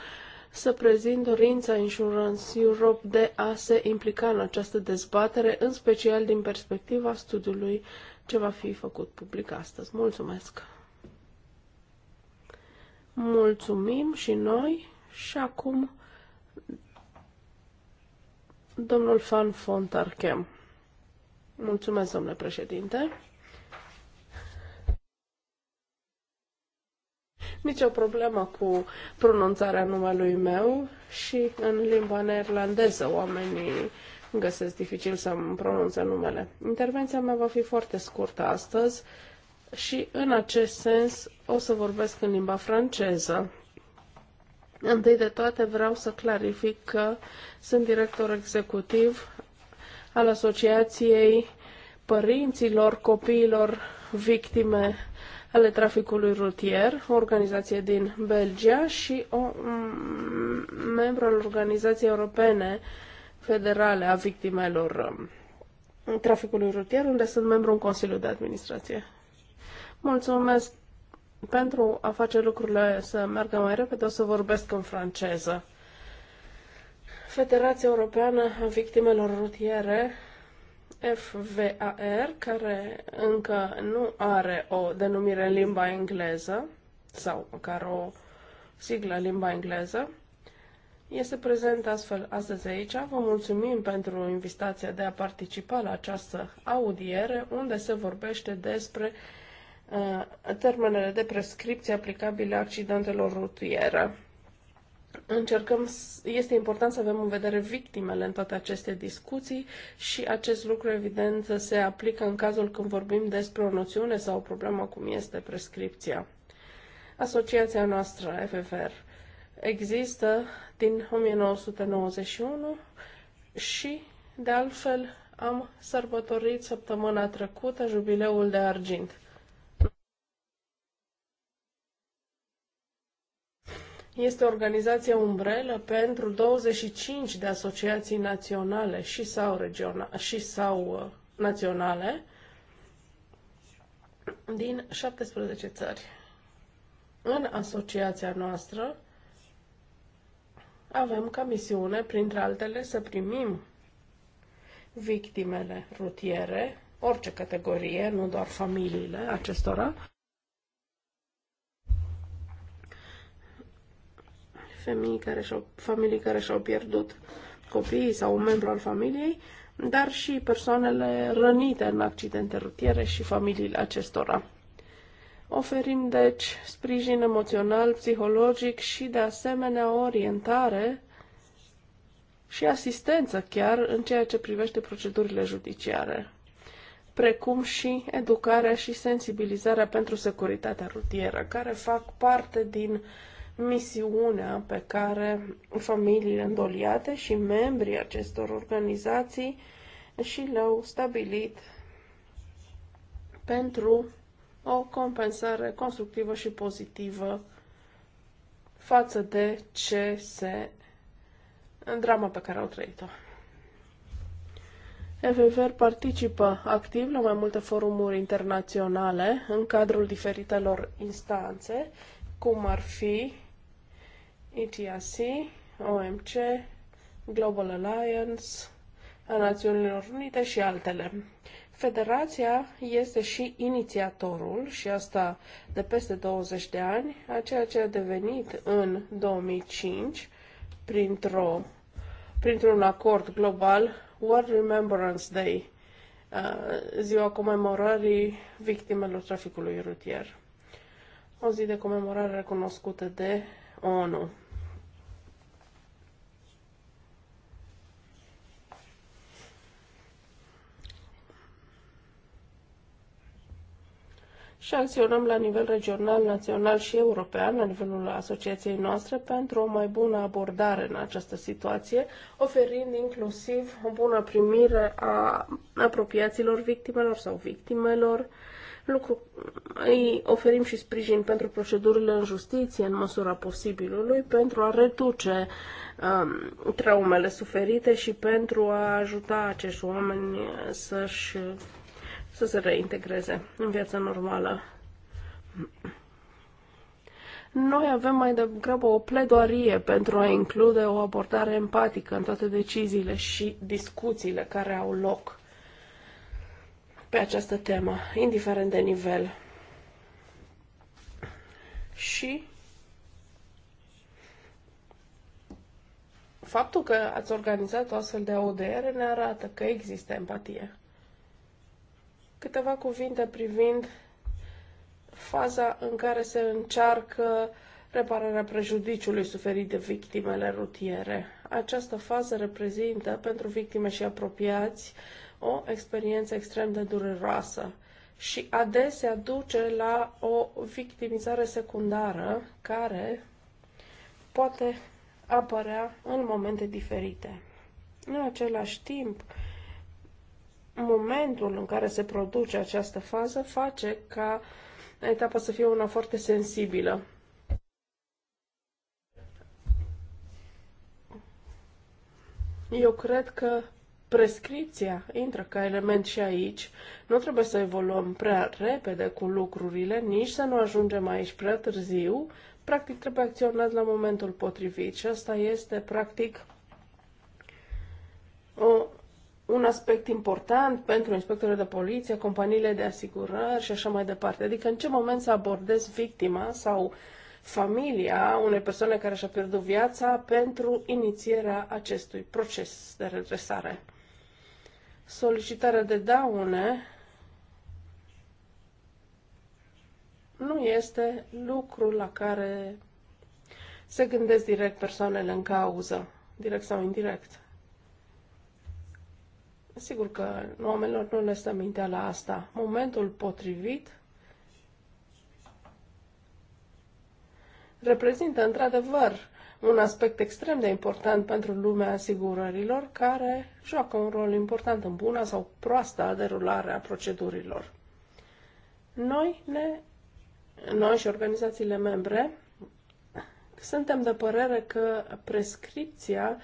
Speaker 5: să prezint dorința Insurance Europe de a se implica în această dezbatere, în special din perspectiva studiului ce va fi făcut public astăzi. Mulțumesc! Mulțumim și noi! Și acum domnul Fan Fontarchem. Mulțumesc, domnule președinte. o problemă cu pronunțarea numelui meu și în limba neerlandeză oamenii găsesc dificil să-mi pronunțe numele. Intervenția mea va fi foarte scurtă astăzi și în acest sens o să vorbesc în limba franceză. Întâi de toate vreau să clarific că sunt director executiv al Asociației Părinților Copiilor Victime ale Traficului Rutier, o organizație din Belgia și o mm, membru al Organizației Europene Federale a Victimelor mm, Traficului Rutier, unde sunt membru în Consiliul de Administrație. Mulțumesc pentru a face lucrurile să meargă mai repede, o să vorbesc în franceză. Federația Europeană a Victimelor Rutiere, FVAR, care încă nu are o denumire în limba engleză, sau măcar o siglă în limba engleză, este prezent astfel astăzi aici. Vă mulțumim pentru invitația de a participa la această audiere unde se vorbește despre Uh, termenele de prescripție aplicabile accidentelor rutiere. Încercăm, este important să avem în vedere victimele în toate aceste discuții și acest lucru, evident, se aplică în cazul când vorbim despre o noțiune sau o problemă cum este prescripția. Asociația noastră, FFR, există din 1991 și, de altfel, am sărbătorit săptămâna trecută jubileul de argint. este organizația umbrelă pentru 25 de asociații naționale și sau, regiona- și sau uh, naționale din 17 țări. În asociația noastră avem ca misiune, printre altele, să primim victimele rutiere, orice categorie, nu doar familiile acestora, femei care și-au, familii care și-au pierdut copiii sau un membru al familiei, dar și persoanele rănite în accidente rutiere și familiile acestora. Oferim, deci, sprijin emoțional, psihologic și, de asemenea, orientare și asistență chiar în ceea ce privește procedurile judiciare, precum și educarea și sensibilizarea pentru securitatea rutieră, care fac parte din uh, misiunea pe care familiile îndoliate și membrii acestor organizații și le-au stabilit pentru o compensare constructivă și pozitivă față de ce se în drama pe care au trăit-o. FFR participă activ la mai multe forumuri internaționale în cadrul diferitelor instanțe, cum ar fi ETRC, OMC, Global Alliance, a Națiunilor Unite și altele. Federația este și inițiatorul, și asta de peste 20 de ani, a ceea ce a devenit în 2005, printr-o, printr-un acord global, World Remembrance Day, ziua comemorării victimelor traficului rutier. O zi de comemorare recunoscută de ONU. și acționăm la nivel regional, național și european, la nivelul asociației noastre, pentru o mai bună abordare în această situație, oferind inclusiv o bună primire a apropiaților victimelor sau victimelor, lucru, îi oferim și sprijin pentru procedurile în justiție în măsura posibilului pentru a reduce um, traumele suferite și pentru a ajuta acești oameni să-și să se reintegreze în viața normală. Noi avem mai degrabă o pledoarie pentru a include o abordare empatică în toate deciziile și discuțiile care au loc pe această temă, indiferent de nivel. Și faptul că ați organizat o astfel de ODR ne arată că există empatie. Câteva cuvinte privind faza în care se încearcă repararea prejudiciului suferit de victimele rutiere. Această fază reprezintă pentru victime și apropiați o experiență extrem de dureroasă și adesea duce la o victimizare secundară care poate apărea în momente diferite. În același timp, momentul în care se produce această fază face ca etapa să fie una foarte sensibilă. Eu cred că prescripția intră ca element și aici. Nu trebuie să evoluăm prea repede cu lucrurile, nici să nu ajungem aici prea târziu. Practic trebuie acționat la momentul potrivit și asta este practic o un aspect important pentru inspectorii de poliție, companiile de asigurări și așa mai departe. Adică în ce moment să abordez victima sau familia unei persoane care și-a pierdut viața pentru inițierea acestui proces de redresare. Solicitarea de daune nu este lucru la care se gândesc direct persoanele în cauză, direct sau indirect. Sigur că oamenilor nu le stă mintea la asta. Momentul potrivit reprezintă într-adevăr un aspect extrem de important pentru lumea asigurărilor, care joacă un rol important în buna sau proasta derulare a procedurilor. Noi, ne, noi și organizațiile membre suntem de părere că prescripția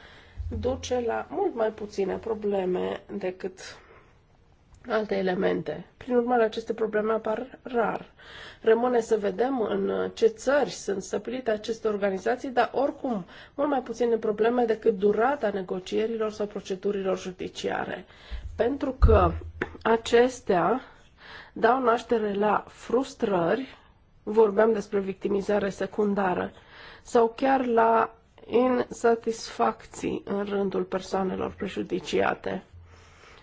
Speaker 5: duce la mult mai puține probleme decât alte elemente. Prin urmare, aceste probleme apar rar. Rămâne să vedem în ce țări sunt stabilite aceste organizații, dar oricum mult mai puține probleme decât durata negocierilor sau procedurilor judiciare. Pentru că acestea dau naștere la frustrări, vorbeam despre victimizare secundară, sau chiar la insatisfacții în rândul persoanelor prejudiciate.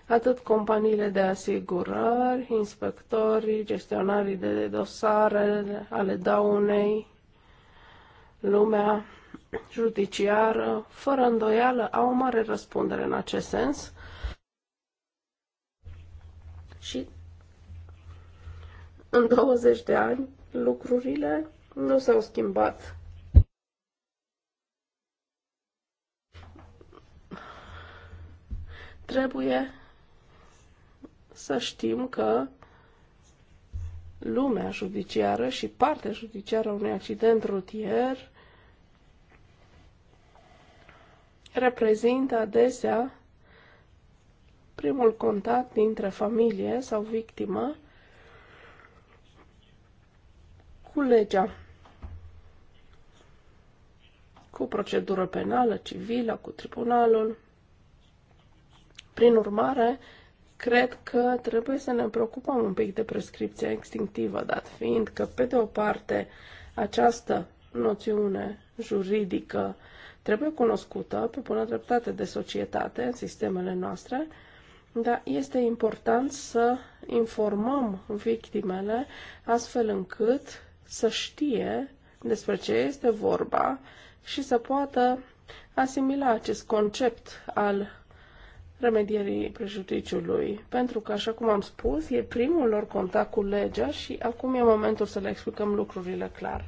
Speaker 5: Atât companiile de asigurări, inspectorii, gestionarii de dosare ale daunei, lumea judiciară, fără îndoială, au o mare răspundere în acest sens. Și în 20 de ani lucrurile nu s-au schimbat Trebuie să știm că lumea judiciară și partea judiciară a unui accident rutier reprezintă adesea primul contact dintre familie sau victimă cu legea, cu procedură penală, civilă, cu tribunalul. Prin urmare, cred că trebuie să ne preocupăm un pic de prescripția extinctivă, dat fiind că, pe de o parte, această noțiune juridică trebuie cunoscută pe bună dreptate de societate în sistemele noastre, dar este important să informăm victimele astfel încât să știe despre ce este vorba și să poată asimila acest concept al remedierii prejudiciului, pentru că, așa cum am spus, e primul lor contact cu legea și acum e momentul să le explicăm lucrurile clar.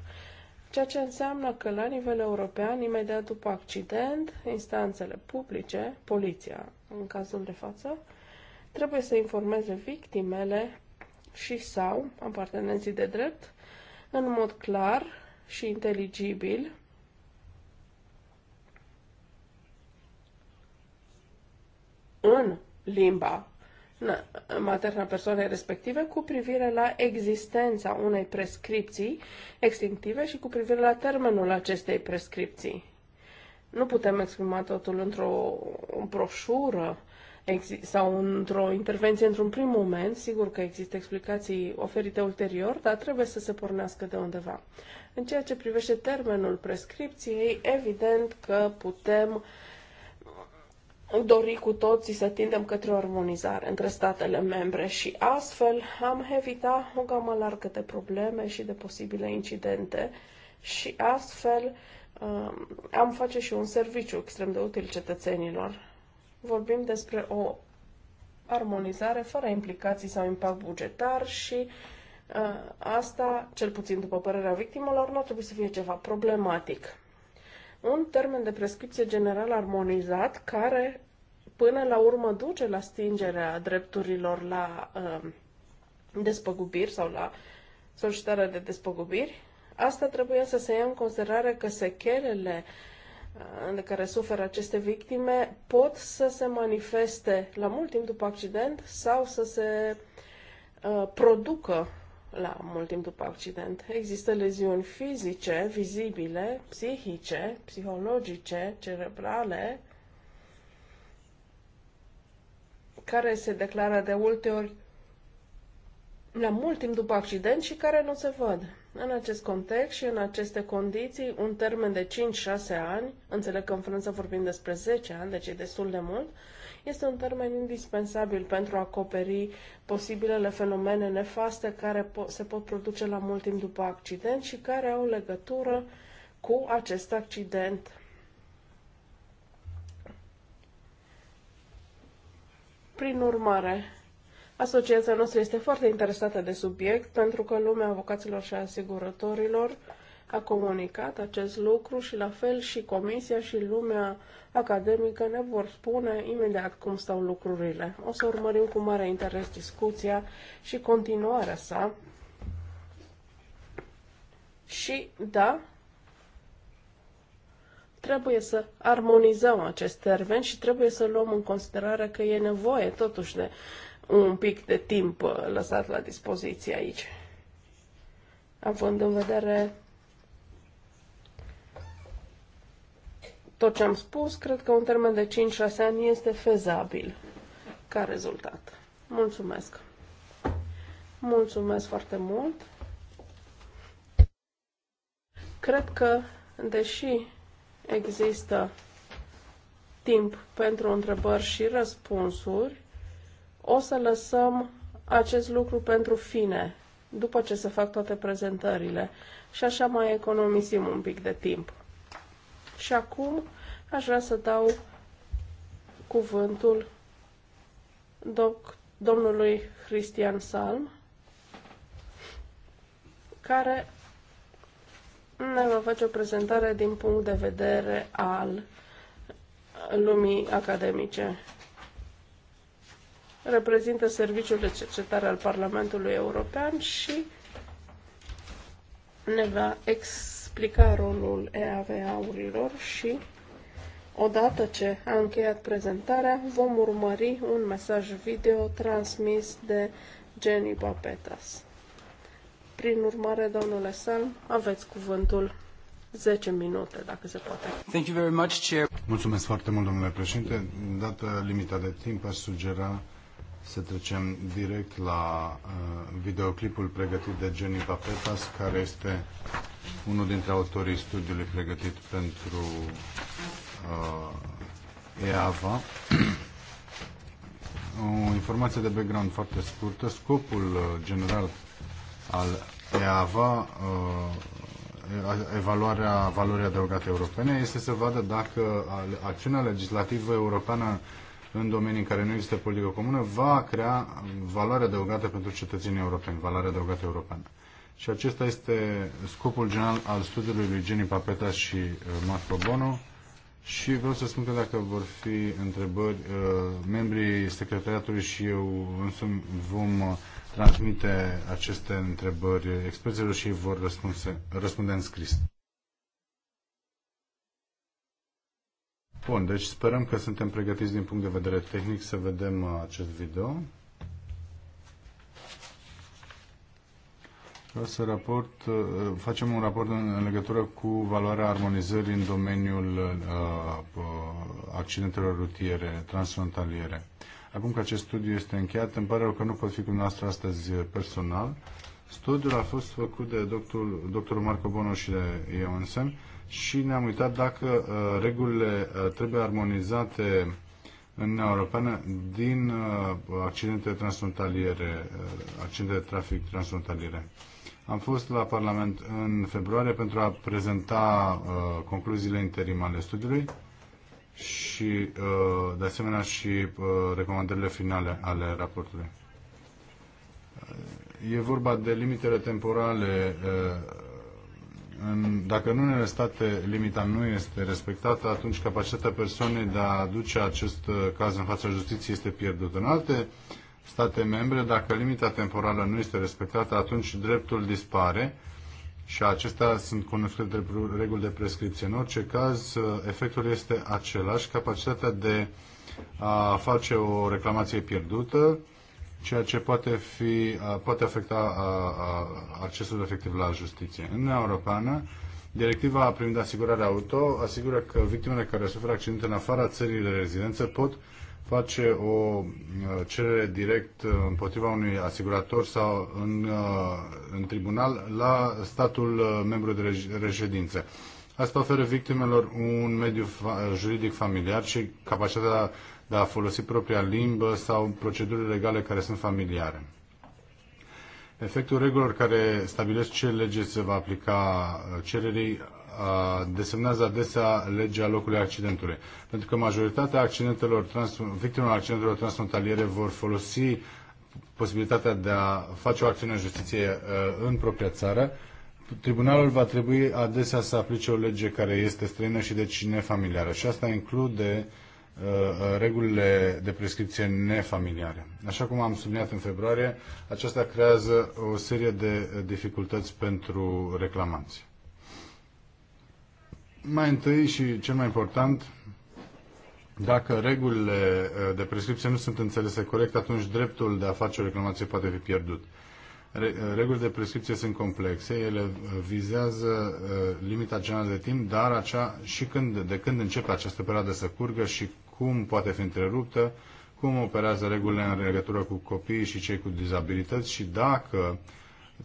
Speaker 5: Ceea ce înseamnă că, la nivel european, imediat după accident, instanțele publice, poliția în cazul de față, trebuie să informeze victimele și sau apartenenții de drept în mod clar și inteligibil în limba materna persoanei respective cu privire la existența unei prescripții extinctive și cu privire la termenul acestei prescripții. Nu putem exprima totul într-o broșură sau într-o intervenție într-un prim moment. Sigur că există explicații oferite ulterior, dar trebuie să se pornească de undeva. În ceea ce privește termenul prescripției, evident că putem uh, dori cu toții să tindem către o armonizare între statele membre și astfel am evita o gamă largă de probleme și de posibile incidente și astfel um, am face și un serviciu extrem de util cetățenilor. Vorbim despre o armonizare fără implicații sau impact bugetar și uh, asta, cel puțin după părerea victimelor, nu ar trebui să fie ceva problematic un termen de prescripție general armonizat care până la urmă duce la stingerea drepturilor la uh, despăgubiri sau la solicitarea de despăgubiri, asta trebuie să se ia în considerare că sechelele uh, de care suferă aceste victime pot să se manifeste la mult timp după accident sau să se uh, producă la mult timp după accident. Există leziuni fizice, vizibile, psihice, psihologice, cerebrale, care se declară de multe ori la mult timp după accident și care nu se văd. În acest context și în aceste condiții, un termen de 5-6 ani, înțeleg că în Franța vorbim despre 10 ani, deci e destul de mult, este un termen indispensabil pentru a acoperi posibilele fenomene nefaste care po- se pot produce la mult timp după accident și care au legătură cu acest accident. Prin urmare, asociația noastră este foarte interesată de subiect pentru că lumea avocaților și asigurătorilor a comunicat acest lucru și la fel și comisia și lumea academică ne vor spune imediat cum stau lucrurile. O să urmărim cu mare interes discuția și continuarea sa. Și, da, trebuie să armonizăm acest termen și trebuie să luăm în considerare că e nevoie totuși de un pic de timp uh, lăsat la dispoziție aici, având în vedere tot ce am spus, cred că un termen de 5-6 ani este fezabil ca rezultat. Mulțumesc! Mulțumesc foarte mult! Cred că, deși există timp pentru întrebări și răspunsuri, o să lăsăm acest lucru pentru fine, după ce se fac toate prezentările, și așa mai economisim un pic de timp. Și acum aș vrea să dau cuvântul doc, domnului Cristian Salm, care ne va face o prezentare din punct de vedere al lumii academice. Reprezintă Serviciul de Cercetare al Parlamentului European și ne va ex explica rolul EAVA-urilor și, odată ce a încheiat prezentarea, vom urmări un mesaj video transmis de Jenny Papetas. Prin urmare, domnule Salm, aveți cuvântul. 10 minute, dacă se poate.
Speaker 4: Thank you very much, Chair. Mulțumesc foarte mult, domnule președinte. Dată limita de timp, aș sugera să trecem direct la uh, videoclipul pregătit de Jenny Papetas, care este unul dintre autorii studiului pregătit pentru uh, EAVA. o informație de background foarte scurtă. Scopul uh, general al EAVA, uh, evaluarea valorii adăugate europene, este să vadă dacă acțiunea legislativă europeană uh, în domenii în care nu există politică comună va crea valoare adăugată pentru cetățenii europeni, valoare adăugată europeană. Și acesta este scopul general al studiului lui Jenny Papeta și uh, Marco Bono. Și vreau să spun că dacă vor fi întrebări, uh, membrii secretariatului și eu însumi vom uh, transmite aceste întrebări experților și ei vor răspunse, răspunde în scris. Bun, deci sperăm că suntem pregătiți din punct de vedere tehnic să vedem uh, acest video. Vreau să raport, uh, facem un raport în legătură cu valoarea armonizării în domeniul uh, accidentelor rutiere, transfrontaliere. Acum că acest studiu este încheiat, îmi pare rău că nu pot fi cu noastră astăzi personal. Studiul a fost făcut de doctorul Marco Bono și de Ionsen și ne-am uitat dacă uh, regulile uh, trebuie armonizate în Uniunea Europeană din uh, accidente transfrontaliere, accidente de trafic transfrontaliere. Am fost la Parlament în februarie pentru a prezenta concluziile interim ale studiului și, de asemenea, și recomandările finale ale raportului. E vorba de limitele temporale în, dacă în unele state limita nu este respectată, atunci capacitatea persoanei de a aduce acest uh, caz în fața justiției este pierdută. În alte state membre, dacă limita temporală nu este respectată, atunci dreptul dispare și acestea sunt cunoscute de reguli de prescripție. În orice caz, uh, efectul este același, capacitatea de a face o reclamație pierdută, ceea ce poate, fi, poate afecta accesul efectiv la justiție. În Uniunea Europeană, directiva privind asigurarea auto asigură că victimele care suferă accidente în afara țării de rezidență pot face o cerere direct împotriva unui asigurator sau în, în tribunal la statul membru de reședință. Asta oferă victimelor un mediu juridic familiar și capacitatea de a folosi propria limbă sau proceduri legale care sunt familiare. Efectul regulilor care stabilesc ce lege se va aplica cererii desemnează adesea legea locului accidentului. Pentru că majoritatea accidentelor, trans, victimelor accidentelor transfrontaliere vor folosi posibilitatea de a face o acțiune în justiție în propria țară, tribunalul va trebui adesea să aplice o lege care este străină și deci nefamiliară. Și asta include uh, Uh, uh, regulile de prescripție nefamiliare. Așa cum am subliniat în februarie, aceasta creează o serie de dificultăți pentru reclamanți. Mai întâi și cel mai important, dacă regulile uh, de prescripție nu sunt înțelese corect, atunci dreptul de a face o reclamație poate fi pierdut. Regulile de prescripție sunt complexe, ele vizează limita generală de timp, dar acea, și când, de când începe această perioadă să curgă și cum poate fi întreruptă, cum operează regulile în legătură cu copiii și cei cu dizabilități și dacă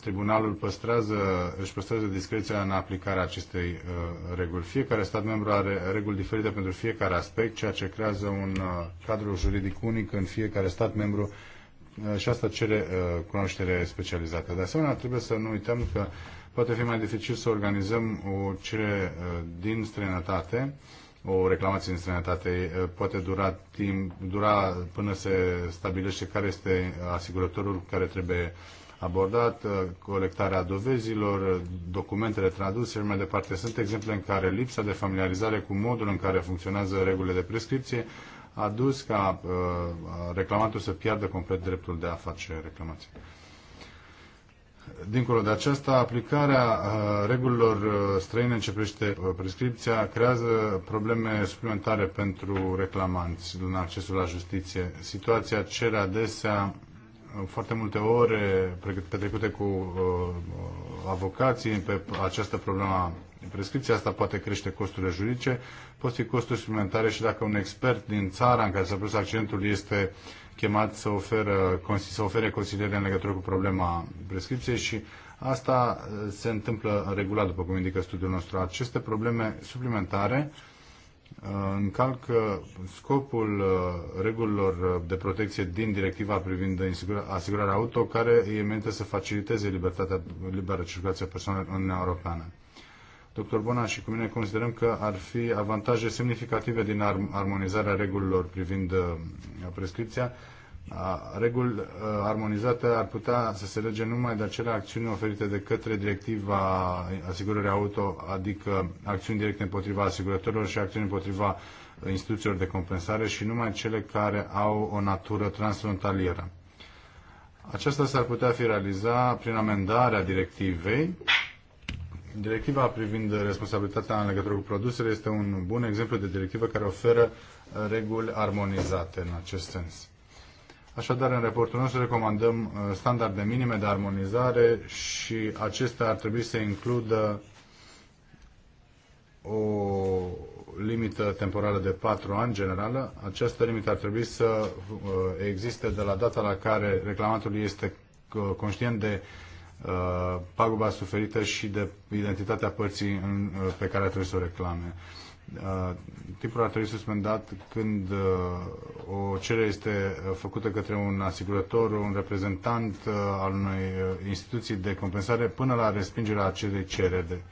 Speaker 4: tribunalul păstrează, își păstrează discreția în aplicarea acestei uh, reguli. Fiecare stat membru are reguli diferite pentru fiecare aspect, ceea ce creează un uh, cadru juridic unic în fiecare stat membru uh, și asta cere uh, cunoaștere specializată. De asemenea, trebuie să nu uităm că poate fi mai dificil să organizăm o cerere uh, din străinătate uh, o reclamație în străinătate eh, poate dura timp, dura până se stabilește care este asigurătorul care trebuie abordat, eh, colectarea dovezilor, documentele traduse și mai departe. Sunt exemple în care lipsa de familiarizare cu modul în care funcționează regulile de prescripție a dus ca eh, reclamantul să piardă complet dreptul de a face reclamație. Dincolo de aceasta, aplicarea uh, regulilor uh, străine ce privește uh, prescripția creează probleme suplimentare pentru reclamanți în accesul la justiție. Situația cere adesea foarte multe ore petrecute cu avocații pe această problemă prescripția asta poate crește costurile juridice, pot fi costuri suplimentare și dacă un expert din țara în care s-a produs accidentul este uh, chemat să, oferă, să ofere consiliere în legătură cu problema prescripției și asta uh, se întâmplă regulat, după cum indică studiul nostru. Aceste probleme suplimentare uh, încalcă scopul uh, regulilor de protecție din directiva privind asigurarea auto, care e menită să faciliteze libertatea, liberă circulație persoanelor în Uniunea Europeană. Dr. Bona și cu mine considerăm că ar fi avantaje semnificative din armonizarea regulilor privind uh, prescripția. Reguli uh, armonizate ar putea să se lege numai de acele acțiuni oferite de către directiva asigurării auto, adică acțiuni directe împotriva asigurătorilor și acțiuni împotriva instituțiilor de compensare și numai cele care au o natură transfrontalieră. Aceasta s-ar putea fi realiza prin amendarea directivei Directiva privind responsabilitatea în legătură cu produsele este un bun exemplu de directivă care oferă uh, reguli armonizate în acest sens. Așadar, în raportul nostru recomandăm uh, standarde minime de armonizare și acestea ar trebui să includă o limită temporală de 4 ani generală. Această limită ar trebui să uh, existe de la data la care reclamatul este conștient de Uh, paguba suferită și de identitatea părții în, uh, pe care trebuie să o reclame. Uh, tipul ar trebui suspendat când o cerere este făcută către un asigurător, un reprezentant al unei instituții de compensare până la respingerea acelei cereri.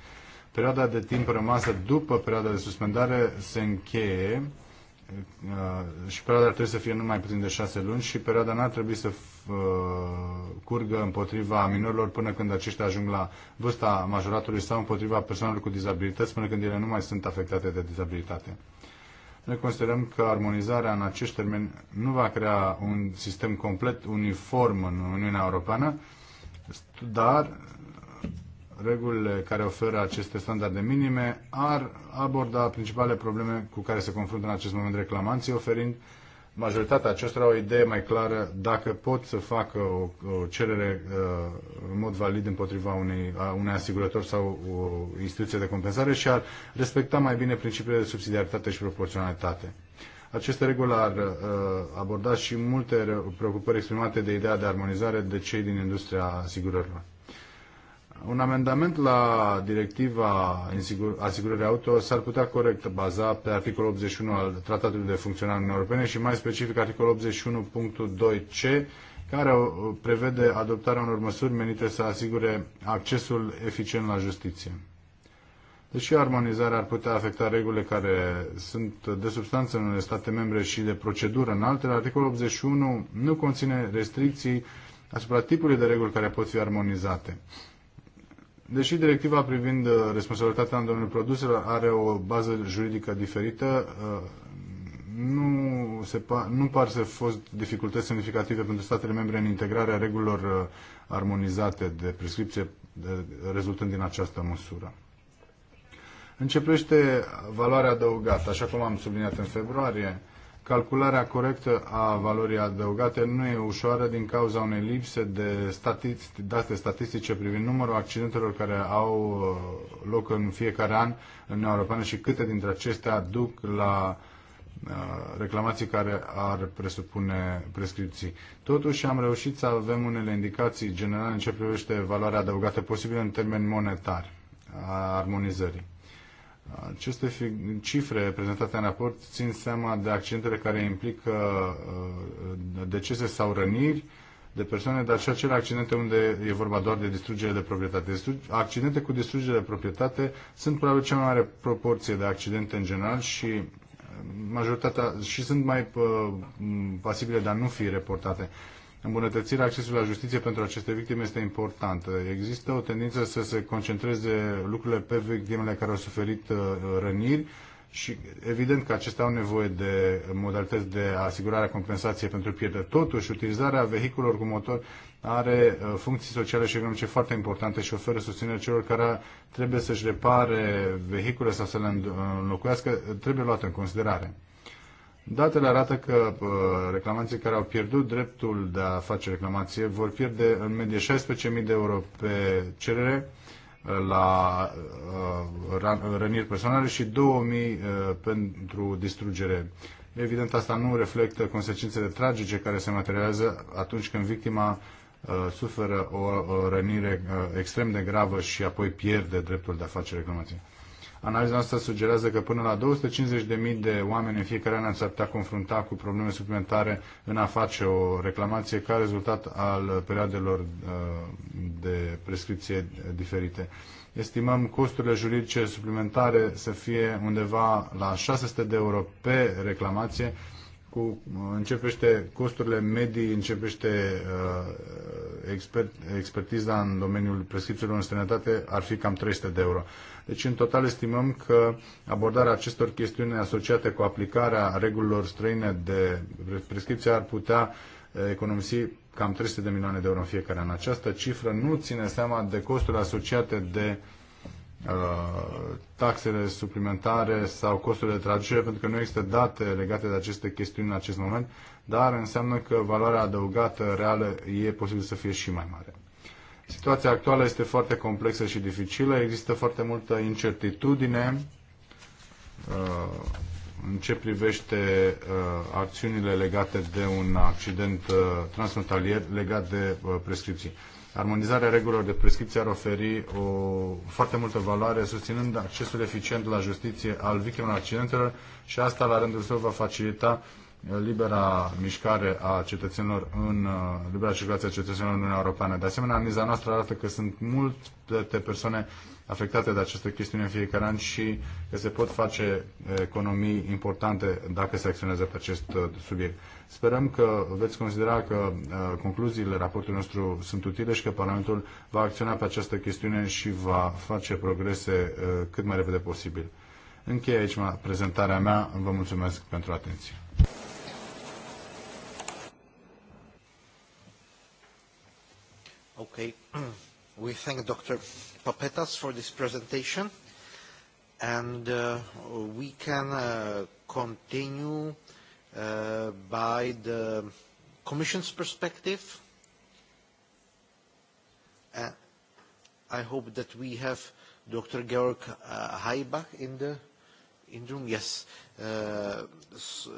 Speaker 4: Perioada de timp rămasă după perioada de suspendare se încheie și perioada ar trebui să fie nu mai puțin de șase luni și perioada n-ar trebui să curgă împotriva minorilor până când aceștia ajung la vârsta majoratului sau împotriva persoanelor cu dizabilități până când ele nu mai sunt afectate de dizabilitate. Noi considerăm că armonizarea în acești termeni nu va crea un sistem complet uniform în Uniunea Europeană, dar regulile care oferă aceste standarde minime ar aborda principalele probleme cu care se confruntă în acest moment reclamanții, oferind majoritatea acestora o idee mai clară dacă pot să facă o, o cerere uh, în mod valid împotriva unei, a unei asigurători sau o instituție de compensare și ar respecta mai bine principiile de subsidiaritate și proporționalitate. Aceste reguli ar uh, aborda și multe preocupări exprimate de ideea de armonizare de cei din industria asigurărilor. Un amendament la directiva asigurării auto s-ar putea corect baza pe articolul 81 al Tratatului de Funcționare Uniunii Europene și mai specific articolul 81.2c care prevede adoptarea unor măsuri menite să asigure accesul eficient la justiție. Deși armonizarea ar putea afecta regulile care sunt de substanță în unele state membre și de procedură în altele, articolul 81 nu conține restricții asupra tipului de reguli care pot fi armonizate. Deși directiva privind uh, responsabilitatea în domeniul produselor are o bază juridică diferită, uh, nu, se pa, nu par să fost dificultăți semnificative pentru statele membre în integrarea regulilor uh, armonizate de prescripție de, rezultând din această măsură. Începește valoarea adăugată, așa cum am subliniat în februarie, calcularea corectă a valorii adăugate nu e ușoară din cauza unei lipse de statistici, date statistice privind numărul accidentelor care au uh, loc în fiecare an în Uniunea Europeană și câte dintre acestea duc la uh, reclamații care ar presupune prescripții. Totuși am reușit să avem unele indicații generale în ce privește valoarea adăugată posibilă în termeni monetari a armonizării. Aceste cifre prezentate în raport țin seama de accidentele care implică uh, decese sau răniri de persoane, dar și acele accidente unde e vorba doar de distrugere de proprietate. Accidente cu distrugere de proprietate sunt probabil cea mai mare proporție de accidente în general și uh, majoritatea și sunt mai uh, pasibile de a nu fi reportate îmbunătățirea accesului la justiție pentru aceste victime este importantă. Există o tendință să se concentreze lucrurile pe victimele care au suferit uh, răniri și evident că acestea au nevoie de modalități de asigurare a compensației pentru pierdere. Totuși, utilizarea vehiculelor cu motor are uh, funcții sociale și economice foarte importante și oferă susținere celor care trebuie să-și repare vehicule sau să le înlocuiască, trebuie luată în considerare. Datele arată că uh, reclamanții care au pierdut dreptul de a face reclamație vor pierde în medie 16.000 de euro pe cerere uh, la uh, răniri personale și 2.000 pentru distrugere. Evident, asta nu reflectă consecințele tragice care se materializează atunci când victima suferă o rănire extrem de gravă și apoi pierde dreptul de a face reclamație. Analiza noastră sugerează că până la 250.000 de oameni în fiecare an s-ar putea confrunta cu probleme suplimentare în a face o reclamație ca rezultat al perioadelor uh, de prescripție diferite. Estimăm costurile juridice suplimentare să fie undeva la 600 de euro pe reclamație, cu, începește costurile medii, începește uh, expert, expertiza în domeniul prescripțiilor în străinătate, ar fi cam 300 de euro. Deci, în total, estimăm că abordarea acestor chestiuni asociate cu aplicarea regulilor străine de prescripție ar putea eh, economisi cam 300 de milioane de euro în fiecare an. Această cifră nu ține seama de costurile asociate de eh, taxele suplimentare sau costurile de traducere, pentru că nu există date legate de aceste chestiuni în acest moment, dar înseamnă că valoarea adăugată reală e posibil să fie și mai mare. Situația actuală este foarte complexă și dificilă, există foarte multă incertitudine uh, în ce privește uh, acțiunile legate de un accident uh, transfrontalier legat de prescripții. Armonizarea regulilor de prescripție ar oferi o foarte multă valoare, susținând accesul eficient la justiție al victimelor accidentelor și asta, la rândul său, va facilita libera mișcare a cetățenilor în uh, libera circulație a cetățenilor în Uniunea Europeană. De asemenea, analiza noastră arată că sunt multe persoane afectate de această chestiune în fiecare an și că se pot face economii importante dacă se acționează pe acest uh, subiect. Sperăm că veți considera că uh, concluziile raportului nostru sunt utile și că Parlamentul va acționa pe această chestiune și va face progrese cât mai repede posibil. Încheie aici prezentarea mea. Vă mulțumesc pentru atenție.
Speaker 1: Okay. we thank Dr. Papetas for this presentation, and uh, we can uh, continue uh, by the Commission's perspective. Uh, I hope that we have Dr. Georg uh, Haibach in the in the room. Yes, uh, so uh,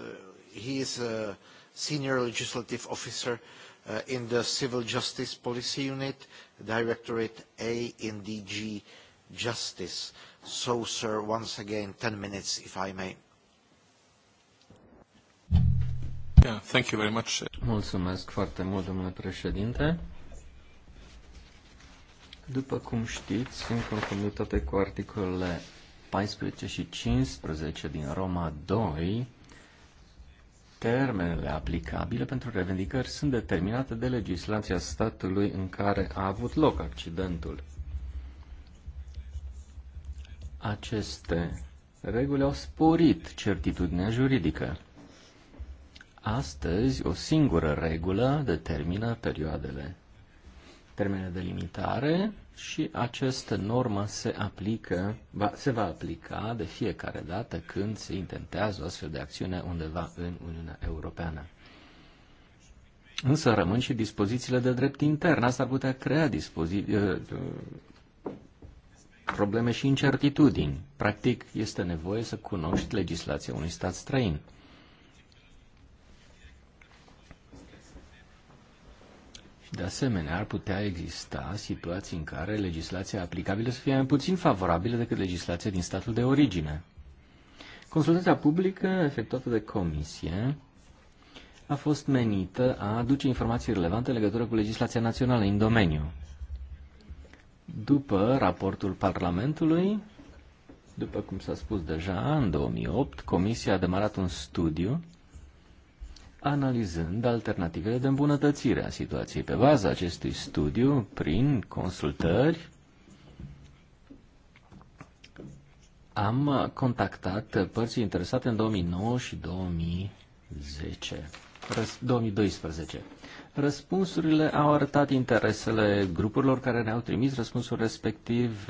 Speaker 1: he is a senior legislative officer uh, uh, in the Civil Justice Policy Unit, Directorate A in DG Justice. So, sir, once again, 10 minutes, if I may. Yeah, thank
Speaker 2: you very much. Mulțumesc foarte mult, domnule președinte. După cum știți, în conformitate cu articolele 14 și 15 din Roma 2, termenele aplicabile pentru revendicări sunt determinate de legislația statului în care a avut loc accidentul. Aceste reguli au sporit certitudinea juridică. Astăzi, o singură regulă determină perioadele termene de limitare și această normă se aplică, va, se va aplica de fiecare dată când se intentează o astfel de acțiune undeva în Uniunea Europeană. Însă rămân și dispozițiile de drept intern. Asta ar putea crea uh, probleme și incertitudini. Practic, este nevoie să cunoști legislația unui stat străin. De asemenea, ar putea exista situații în care legislația aplicabilă să fie mai puțin favorabilă decât legislația din statul de origine. Consultația publică efectuată de comisie a fost menită a aduce informații relevante în legătură cu legislația națională în domeniu. După raportul Parlamentului, după cum s-a spus deja, în 2008, Comisia a demarat un studiu analizând alternativele de îmbunătățire a situației. Pe baza acestui studiu, prin consultări, am contactat părții interesate în 2009 și 2010, 2012. Răspunsurile au arătat interesele grupurilor care ne-au trimis răspunsul respectiv.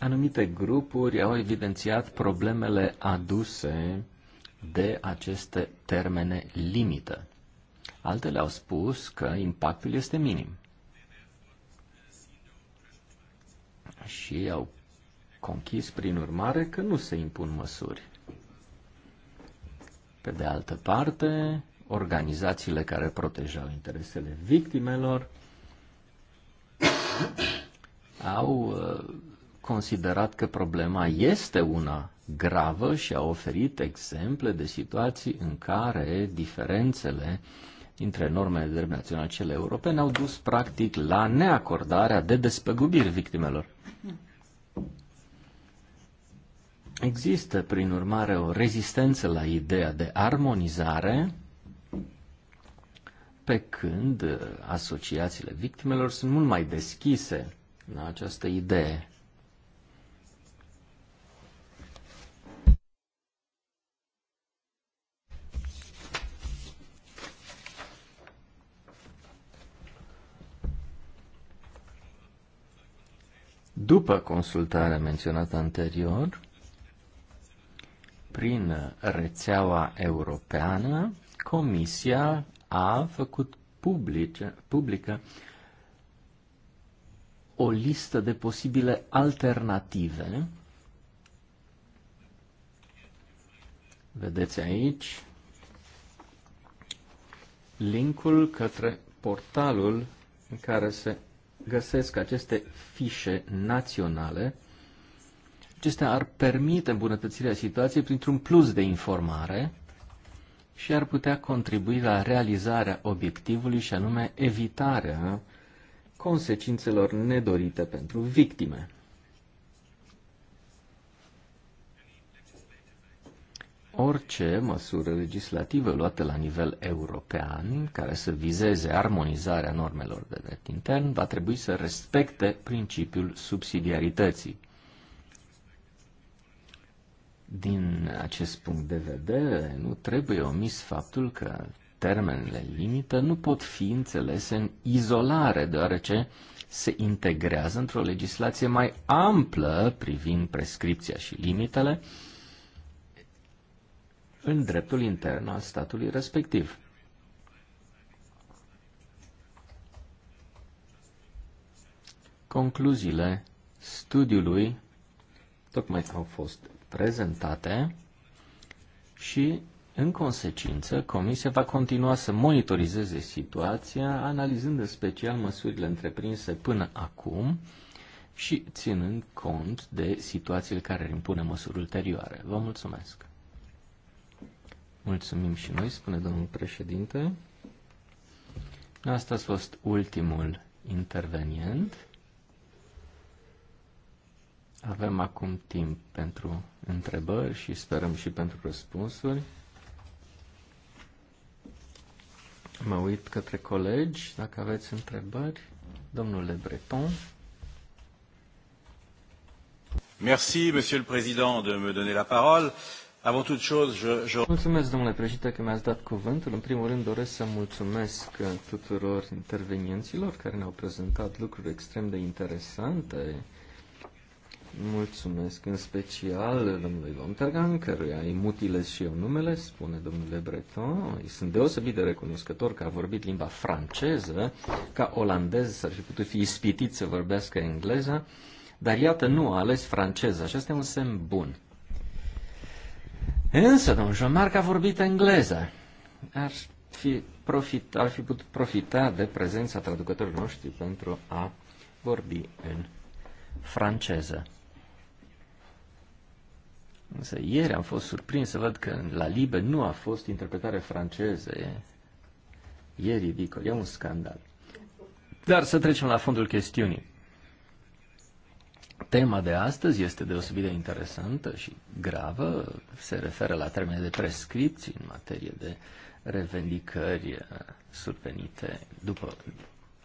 Speaker 2: Anumite grupuri au evidențiat problemele aduse de aceste termene limită. Altele au spus că impactul este minim. Și au conchis, prin urmare, că nu se impun măsuri. Pe de altă parte, organizațiile care protejau interesele victimelor au uh, considerat că problema este una gravă și a oferit exemple de situații în care diferențele dintre normele de drept național cele europene au dus practic la neacordarea de despăgubiri victimelor. Există, prin urmare, o rezistență la ideea de armonizare, pe când uh, asociațiile victimelor sunt mult mai deschise la această idee. După consultarea menționată anterior, prin rețeaua europeană, Comisia a făcut publice, publică o listă de posibile alternative. Vedeți aici linkul către portalul în care se găsesc aceste fișe naționale. Acestea ar permite îmbunătățirea situației printr-un plus de informare și ar putea contribui la realizarea obiectivului și anume evitarea consecințelor nedorite pentru victime. orice măsură legislativă luată la nivel european care să vizeze armonizarea normelor de drept intern va trebui să respecte principiul subsidiarității. Din acest punct de vedere, nu trebuie omis faptul că termenele limită nu pot fi înțelese în izolare, deoarece se integrează într-o legislație mai amplă privind prescripția și limitele, în dreptul intern al statului respectiv. Concluziile studiului tocmai au fost prezentate și, în consecință, Comisia va continua să monitorizeze situația, analizând în special măsurile întreprinse până acum și ținând cont de situațiile care impune măsuri ulterioare. Vă mulțumesc! Mulțumim și noi, spune domnul președinte. Asta a fost ultimul intervenient. Avem acum timp pentru întrebări și sperăm și pentru răspunsuri. Mă uit către colegi, dacă aveți întrebări. Domnule Breton.
Speaker 4: Merci,
Speaker 1: Monsieur le Président, de me donner la parole.
Speaker 2: Mulțumesc, domnule președinte, că mi-ați dat cuvântul. În primul rând doresc să mulțumesc tuturor intervenienților care ne-au prezentat lucruri extrem de interesante. Mulțumesc în special domnului Lontergan, căruia îi mutilez și eu numele, spune domnule Breton. Îi sunt deosebit de recunoscător că a vorbit limba franceză, ca olandez s-ar fi putut fi ispitit să vorbească engleza, dar iată nu a ales franceza Așa este un semn bun. Însă, domnul Jean-Marc a vorbit engleză. Ar fi, profit, ar fi putut profita de prezența traducătorilor noștri pentru a vorbi în franceză. Însă ieri am fost surprins să văd că la Libe nu a fost interpretare franceză. E ridicol, e un scandal. Dar să trecem la fondul chestiunii. Tema de astăzi este deosebit de interesantă și gravă, se referă la termene de prescripții în materie de revendicări eh, survenite după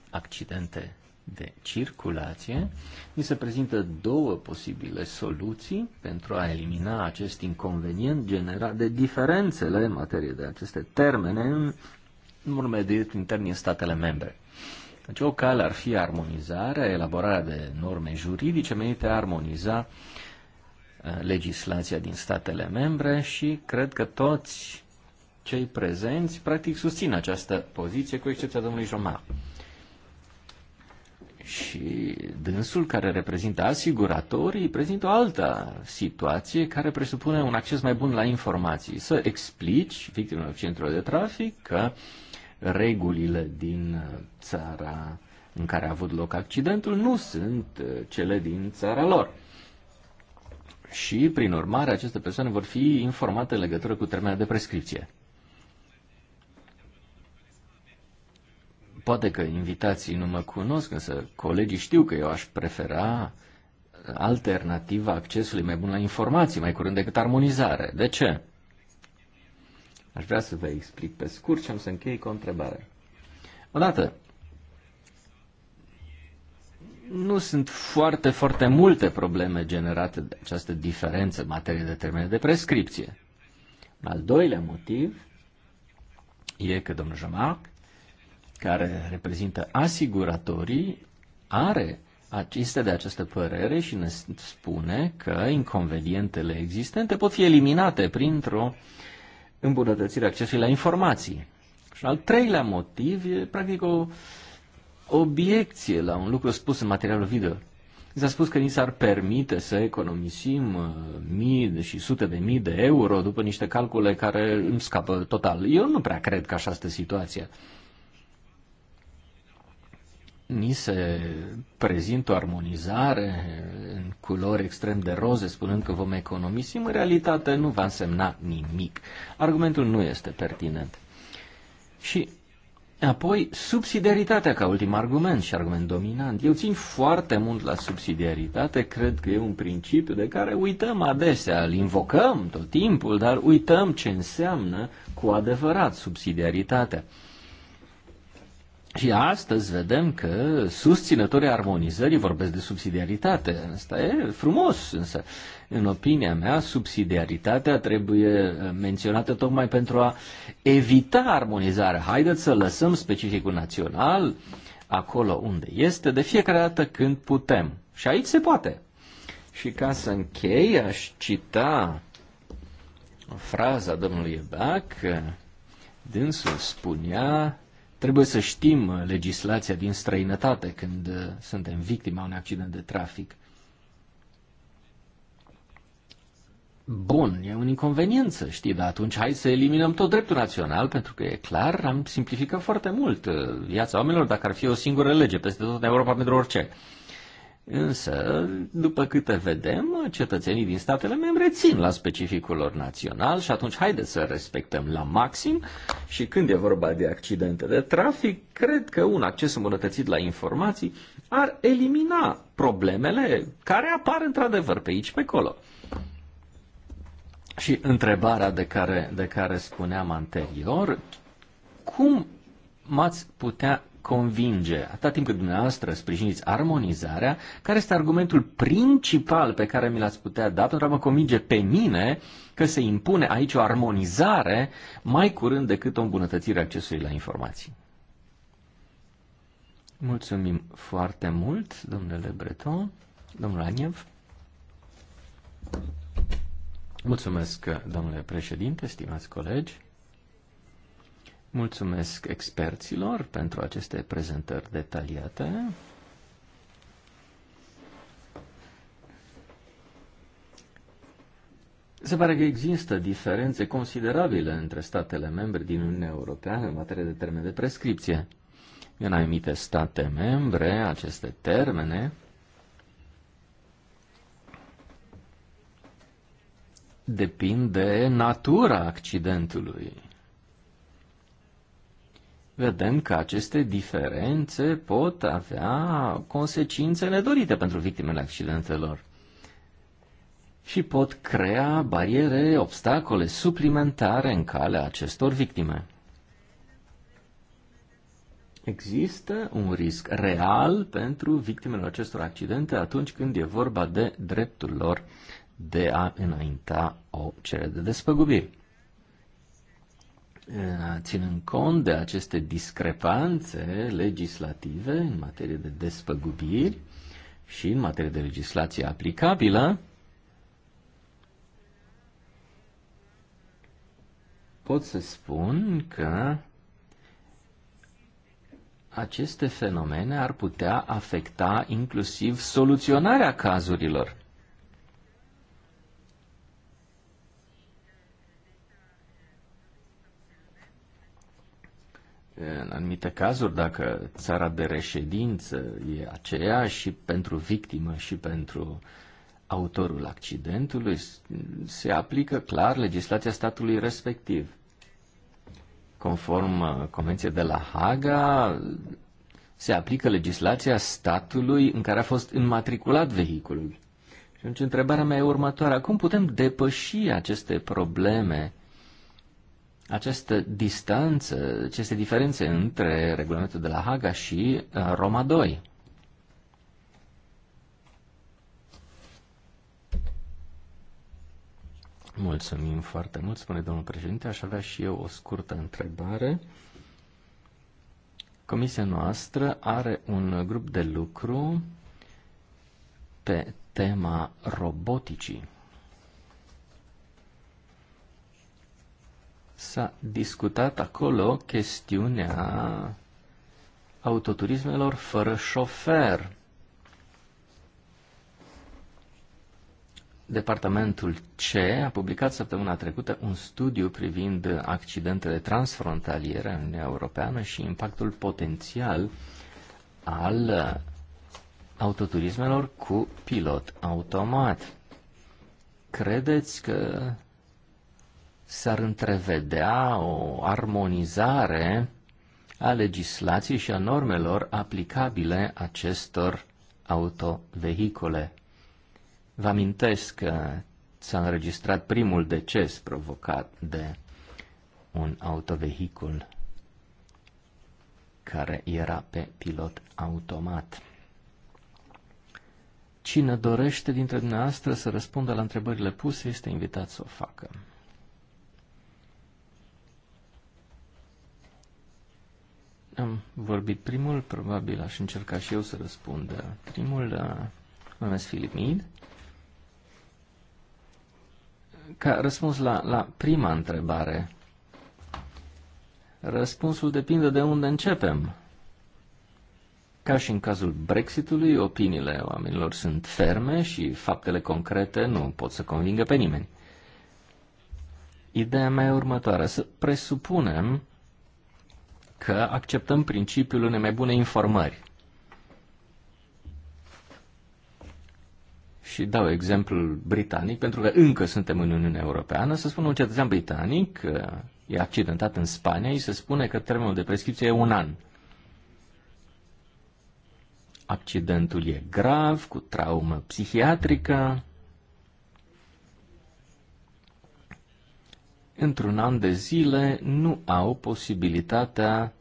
Speaker 2: accidente de circulație. Mi se prezintă două posibile soluții pentru a elimina acest inconvenient generat de diferențele în materie de aceste termene în urmă de intern în statele membre. Deci o cale ar fi armonizarea, elaborarea de norme juridice menite a armoniza uh, legislația din statele membre și cred că toți cei prezenți practic susțin această poziție, cu excepția domnului Jomar. Și dânsul care reprezintă asiguratorii prezintă o altă situație care presupune un acces mai bun la informații. Să explici victimelor centrului de trafic că uh, regulile din uh, țara în care a avut loc accidentul nu sunt uh, cele din țara lor. Și, prin urmare, aceste persoane vor fi informate în legătură cu termenul de prescripție. Poate că invitații nu mă cunosc, însă colegii știu că eu aș prefera alternativa accesului mai bun la informații, mai curând decât armonizare. De ce? Aș vrea să vă explic pe scurt și am să închei cu o întrebare. Odată, nu sunt foarte, foarte multe probleme generate de această diferență în materie de termene de prescripție. Al doilea motiv e că domnul Jamac, care reprezintă asiguratorii, are aceste de această părere și ne spune că inconvenientele existente pot fi eliminate printr-o uh, îmbunătățirea accesului la informații. Și al treilea motiv e practic o obiecție la un lucru spus în materialul video. Mi s-a spus că ni s-ar permite să economisim uh, mii și sute de mii de euro după niște calcule care îmi scapă total. Eu nu prea cred că așa este situația ni se prezintă o armonizare în culori extrem de roze, spunând că vom economisi, în realitate nu va însemna nimic. Argumentul nu este pertinent. Și apoi subsidiaritatea ca ultim argument și argument dominant. Eu țin foarte mult la subsidiaritate, cred că e un principiu de care uităm adesea, îl invocăm tot timpul, dar uităm ce înseamnă cu adevărat subsidiaritatea. Și astăzi vedem că susținătorii armonizării vorbesc de subsidiaritate. Asta e frumos, însă, în opinia mea, subsidiaritatea trebuie uh, menționată tocmai pentru a evita armonizarea. Haideți să lăsăm specificul național acolo unde este, de fiecare dată când putem. Și aici se poate. Și ca să închei, aș cita fraza domnului Ebac. Dânsul spunea Trebuie să știm uh, legislația din străinătate când uh, suntem victima unui accident de trafic. Bun, e un inconvenient să știi, dar atunci hai să eliminăm tot dreptul național, pentru că e clar, am simplificat foarte mult uh, viața oamenilor dacă ar fi o singură lege peste tot Europa pentru orice. Uh, Însă, după câte vedem, cetățenii din statele membre țin la specificul lor național și atunci haideți să respectăm la maxim și când e vorba de accidente de trafic, cred că un acces îmbunătățit la informații ar elimina problemele care apar într-adevăr pe aici, pe acolo. Și întrebarea de care, de care spuneam anterior, cum m-ați putea convinge. Atât timp cât dumneavoastră sprijiniți armonizarea, care este argumentul principal pe care mi l-ați putea da pentru a mă convinge pe mine că se impune aici o armonizare mai curând decât o îmbunătățire a accesului la informații? Mulțumim foarte mult, domnule Breton, domnul Aniev. Mulțumesc, domnule președinte, stimați colegi. Mulțumesc experților pentru aceste prezentări detaliate. Se pare că există diferențe considerabile între statele membre din Uniunea Europeană în materie de termen de prescripție. În anumite state membre, aceste termene depind de natura accidentului vedem că aceste diferențe pot avea consecințe nedorite pentru victimele accidentelor și pot crea bariere, obstacole suplimentare în calea acestor victime. Există un risc real pentru victimele acestor accidente atunci când e vorba de dreptul lor de a înainta o cerere de despăgubiri. Eh, ținând cont de aceste discrepanțe legislative în materie de despăgubiri și în materie de legislație aplicabilă, pot să spun că aceste fenomene ar putea afecta inclusiv soluționarea cazurilor. în anumite cazuri, dacă țara de reședință e aceea și pentru victimă și pentru autorul accidentului, se aplică clar legislația statului respectiv. Conform uh, Convenției de la Haga, se aplică legislația statului în care a fost înmatriculat vehiculul. Și atunci întrebarea mea e următoarea. Cum putem depăși aceste probleme această distanță, aceste diferențe între regulamentul de la Haga și uh, Roma 2. Mulțumim foarte mult, spune domnul președinte. Aș avea și eu o scurtă întrebare. Comisia noastră are un grup de lucru pe tema roboticii. s-a discutat acolo chestiunea autoturismelor fără șofer. Departamentul C a publicat săptămâna trecută un studiu privind accidentele transfrontaliere în Uniunea Europeană și impactul potențial al autoturismelor cu pilot automat. Credeți că s-ar întrevedea o armonizare a legislației și a normelor aplicabile acestor autovehicule. Vă amintesc că s-a înregistrat primul deces provocat de un autovehicul care era pe pilot automat. Cine dorește dintre dumneavoastră să răspundă la întrebările puse este invitat să o facă. am vorbit primul, probabil aș încerca și eu să răspund. Primul, uh, mă numesc Filip Mid. Ca răspuns la, la prima întrebare, răspunsul depinde de unde începem. Ca și în cazul Brexitului, opiniile oamenilor sunt ferme și faptele concrete nu pot să convingă pe nimeni. Ideea mea e următoare. să presupunem că acceptăm principiul unei mai bune informări. și dau exemplul britanic, pentru că încă suntem în Uniunea Europeană, să spun un cetățean britanic, e accidentat în Spania, și se spune că termenul de prescripție e un an. Accidentul e grav, cu traumă psihiatrică, într-un an de zile nu au posibilitatea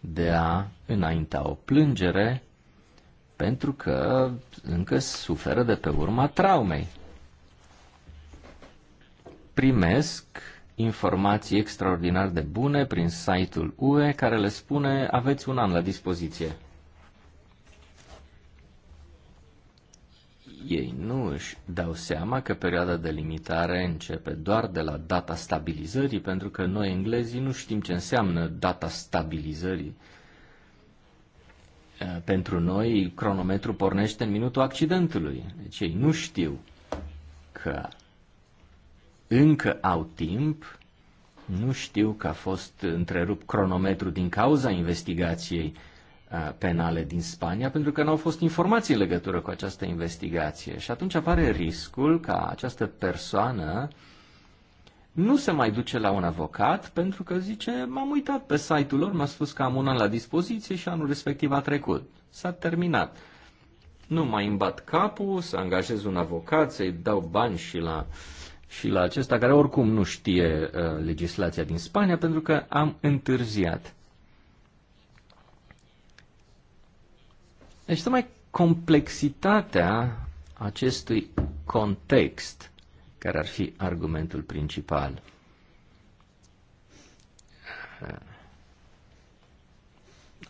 Speaker 2: de a înainta o plângere pentru că încă suferă de pe urma traumei. Primesc informații extraordinar de bune prin site-ul UE care le spune aveți un an la dispoziție. ei nu își dau seama că perioada de limitare începe doar de la data stabilizării, pentru că noi englezii nu știm ce înseamnă data stabilizării. Eh, pentru noi, cronometrul pornește în minutul accidentului. Deci ei nu știu că încă au timp, nu știu că a fost întrerupt cronometrul din cauza investigației Uh, penale din Spania, pentru că nu au fost informații în legătură cu această investigație. Și atunci apare riscul ca această persoană nu se mai duce la un avocat pentru că zice, m-am uitat pe site-ul lor, m-a spus că am un an la dispoziție și anul respectiv a trecut. S-a terminat. Nu mai îmbat capul să angajez un avocat, să-i dau bani și la, și la acesta care oricum nu știe uh, legislația din Spania pentru că am întârziat. Deci tocmai complexitatea acestui context care ar fi argumentul principal.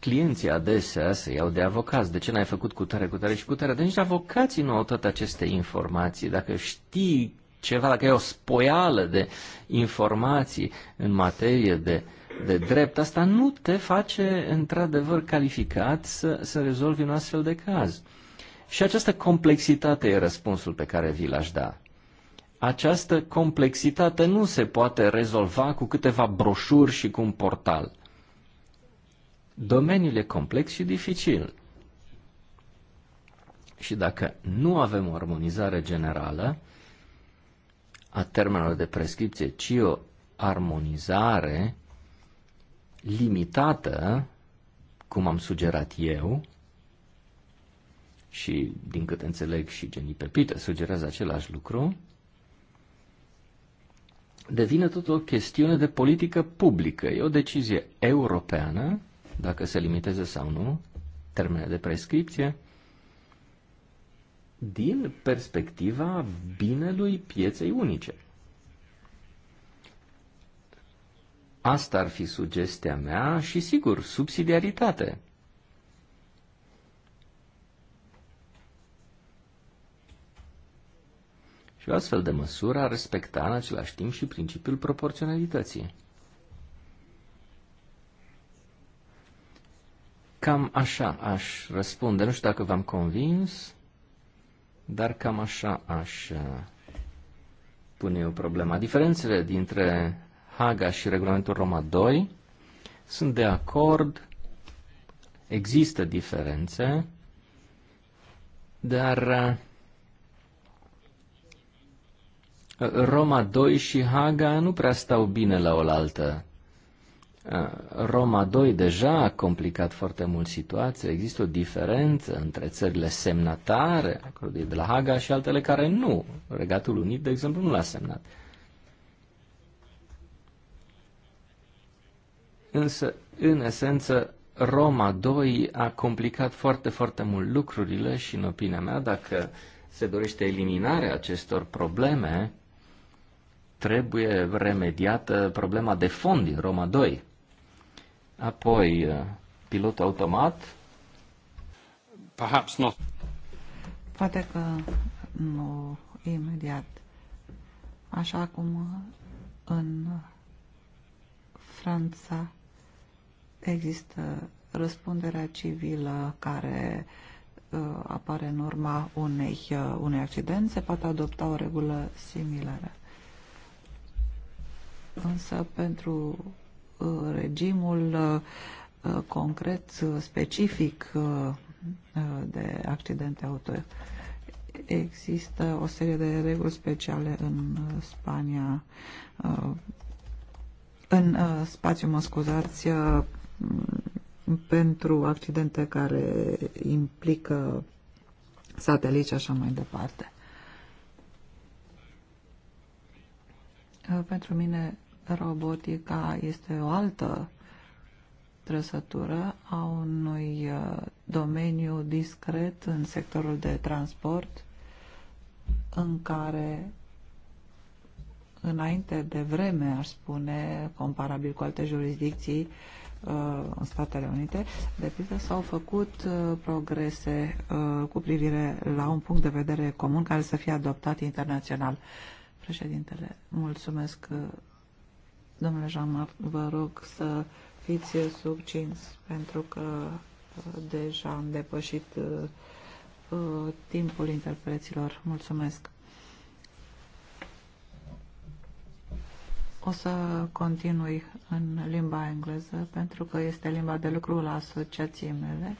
Speaker 2: Clienții adesea se iau de avocați. De ce n-ai făcut cu tare, cu tare și cu tare? Deci avocații nu au toate aceste informații. Dacă știi ceva, dacă e o spoială de informații în materie de uh, de drept, asta nu te face într-adevăr calificat să, să rezolvi un astfel de caz. Și această complexitate e răspunsul pe care vi l-aș da. Această complexitate nu se poate rezolva cu câteva broșuri și cu un portal. Domeniul e complex și dificil. Și dacă nu avem o armonizare generală a termenelor de prescripție, ci o armonizare limitată, cum am sugerat eu, și din cât înțeleg și Jenny Pepite sugerează același lucru, devine tot o chestiune de politică publică. E o decizie europeană, dacă se limiteze sau nu, termene de prescripție, din perspectiva binelui pieței unice. Asta ar fi sugestia mea și, sigur, subsidiaritate. Și o astfel de măsură ar respecta în același timp și principiul proporționalității. Cam așa aș răspunde. Nu știu dacă v-am convins, dar cam așa aș uh, pune eu problema. Diferențele dintre Haga și regulamentul Roma 2, sunt de acord, există diferențe, dar uh, Roma 2 și Haga nu prea stau bine la oaltă. Uh, Roma 2 deja a complicat foarte mult situația, există o diferență între țările semnatare, acordului de la Haga, și altele care nu. Regatul Unit, de exemplu, nu l-a semnat. Însă, în esență, Roma II a complicat foarte, foarte mult lucrurile și, în opinia mea, dacă se dorește eliminarea acestor probleme, trebuie remediată problema de fond din Roma II, Apoi, uh, pilot automat. Perhaps not.
Speaker 3: Poate că nu imediat. Așa cum în Franța Există răspunderea civilă care uh, apare în urma unei, uh, unei accident, se poate adopta o regulă similară. Însă pentru uh, regimul concret, specific de accidente auto, există o serie de reguli speciale în Spania, în spațiu, mă scuzați, pentru accidente care implică satelici și așa mai departe. Pentru mine, robotica este o altă trăsătură a unui uh, domeniu discret în sectorul de transport în care înainte de vreme, aș spune, comparabil cu alte jurisdicții, uh, Uh, în Statele Unite, de pildă, s-au făcut uh, progrese uh, cu privire la un punct de vedere comun care să fie adoptat internațional. Președintele, mulțumesc. Domnule Jamar, vă rog să fiți succinți pentru că deja am depășit timpul interpreților. Mulțumesc. O să continui în limba engleză, pentru că este limba de lucru la asociației mele.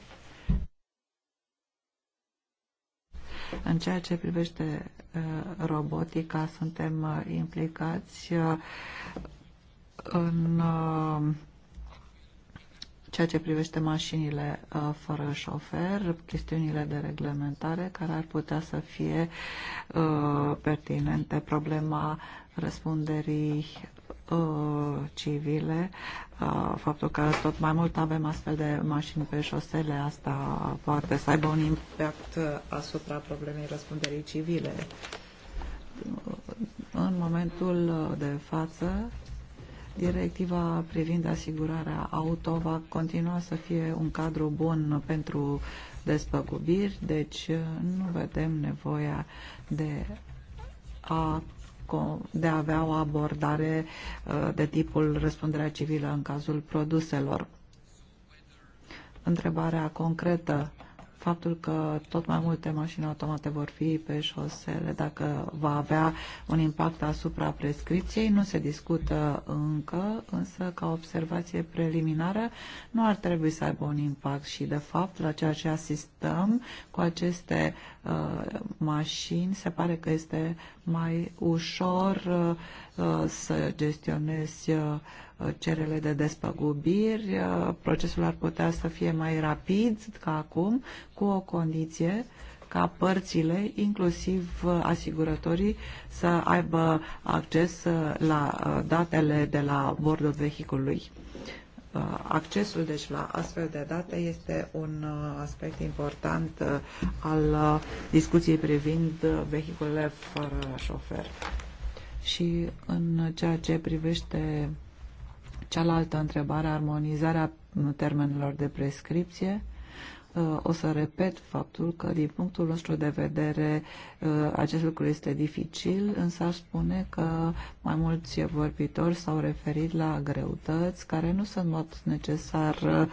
Speaker 3: În ceea ce privește uh, robotica, suntem uh, implicați uh, în ceea ce privește mașinile uh, fără șofer, chestiunile de reglementare care ar putea să fie uh, pertinente, problema răspunderii uh, civile, faptul că tot mai mult avem astfel de mașini pe șosele, asta poate să aibă un impact asupra problemei răspunderii civile. În momentul de față, Directiva privind asigurarea auto va continua să fie un cadru bun pentru despăgubiri, deci uh, nu vedem nevoia de a de a avea o abordare uh, de tipul răspunderea civilă în cazul produselor. Întrebarea concretă faptul că tot mai multe mașini automate vor fi pe șosele, dacă va avea un impact asupra prescripției, nu se discută încă, însă ca observație preliminară nu ar trebui să aibă un impact și de fapt la ceea ce asistăm cu aceste uh, mașini se pare că este mai ușor uh, să gestionezi uh, Uh, cererile de despăgubiri. Uh, procesul ar putea să fie mai rapid ca acum, cu o condiție ca părțile, inclusiv uh, asigurătorii, să aibă acces la datele de la bordul vehiculului. Accesul deci la astfel de date este un aspect important al discuției privind vehiculele fără șofer. Și în ceea ce privește cealaltă întrebare, armonizarea termenelor de prescripție, uh, o să repet faptul că din punctul nostru de vedere uh, acest lucru este dificil, însă aș spune că mai mulți vorbitori s-au referit la greutăți care nu sunt mod necesar uh,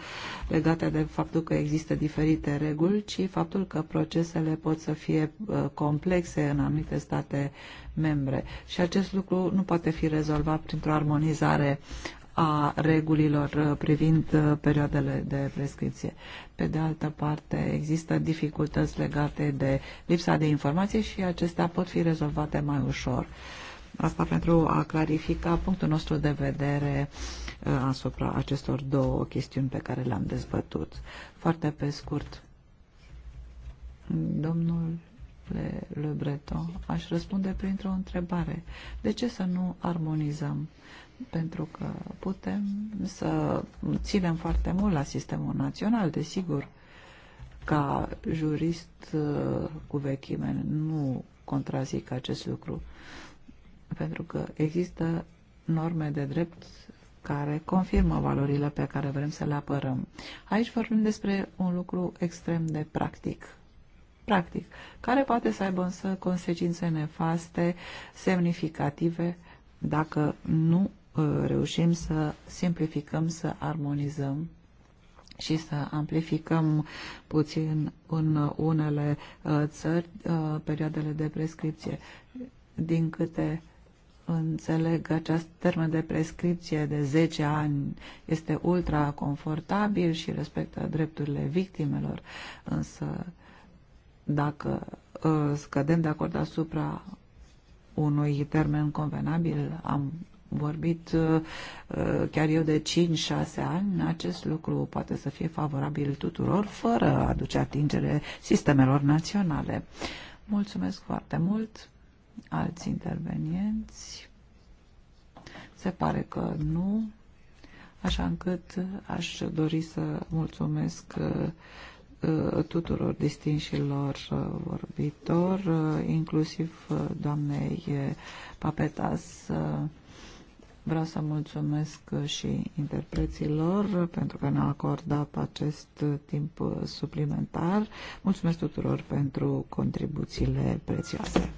Speaker 3: legate de faptul că există diferite reguli, ci faptul că procesele pot să fie complexe în anumite state membre. Și acest lucru nu poate fi rezolvat printr-o armonizare a regulilor uh, privind uh, perioadele de prescripție. Pe de altă parte, există dificultăți legate de lipsa de informație și acestea pot fi rezolvate mai ușor. Asta pentru a clarifica punctul nostru de vedere uh, asupra acestor două chestiuni pe care le-am dezbătut. Foarte pe scurt, domnul Le, Le Breton, aș răspunde printr-o întrebare. De ce să nu armonizăm? pentru că putem să ținem foarte mult la sistemul național, desigur, ca jurist uh, cu vechime nu contrazic acest lucru, pentru că există norme de drept care confirmă valorile pe care vrem să le apărăm. Aici vorbim despre un lucru extrem de practic. Practic, care poate să aibă însă consecințe nefaste, semnificative, dacă nu Uh, reușim să simplificăm, să armonizăm și să amplificăm puțin în unele uh, țări uh, perioadele de prescripție. Din câte înțeleg, acest termen de prescripție de 10 ani este ultra confortabil și respectă drepturile victimelor, însă dacă scădem de acord asupra unui termen convenabil, am vorbit uh, uh, chiar eu de 5-6 ani, acest lucru poate să fie favorabil tuturor, fără a aduce atingere sistemelor naționale. Mulțumesc foarte mult. Alți intervenienți? Se pare că nu, așa încât aș dori să mulțumesc uh, tuturor distinșilor vorbitor, inclusiv doamnei Papetas, Vreau să mulțumesc și interpreților pentru că ne-au acordat acest timp suplimentar. Mulțumesc tuturor pentru contribuțiile prețioase.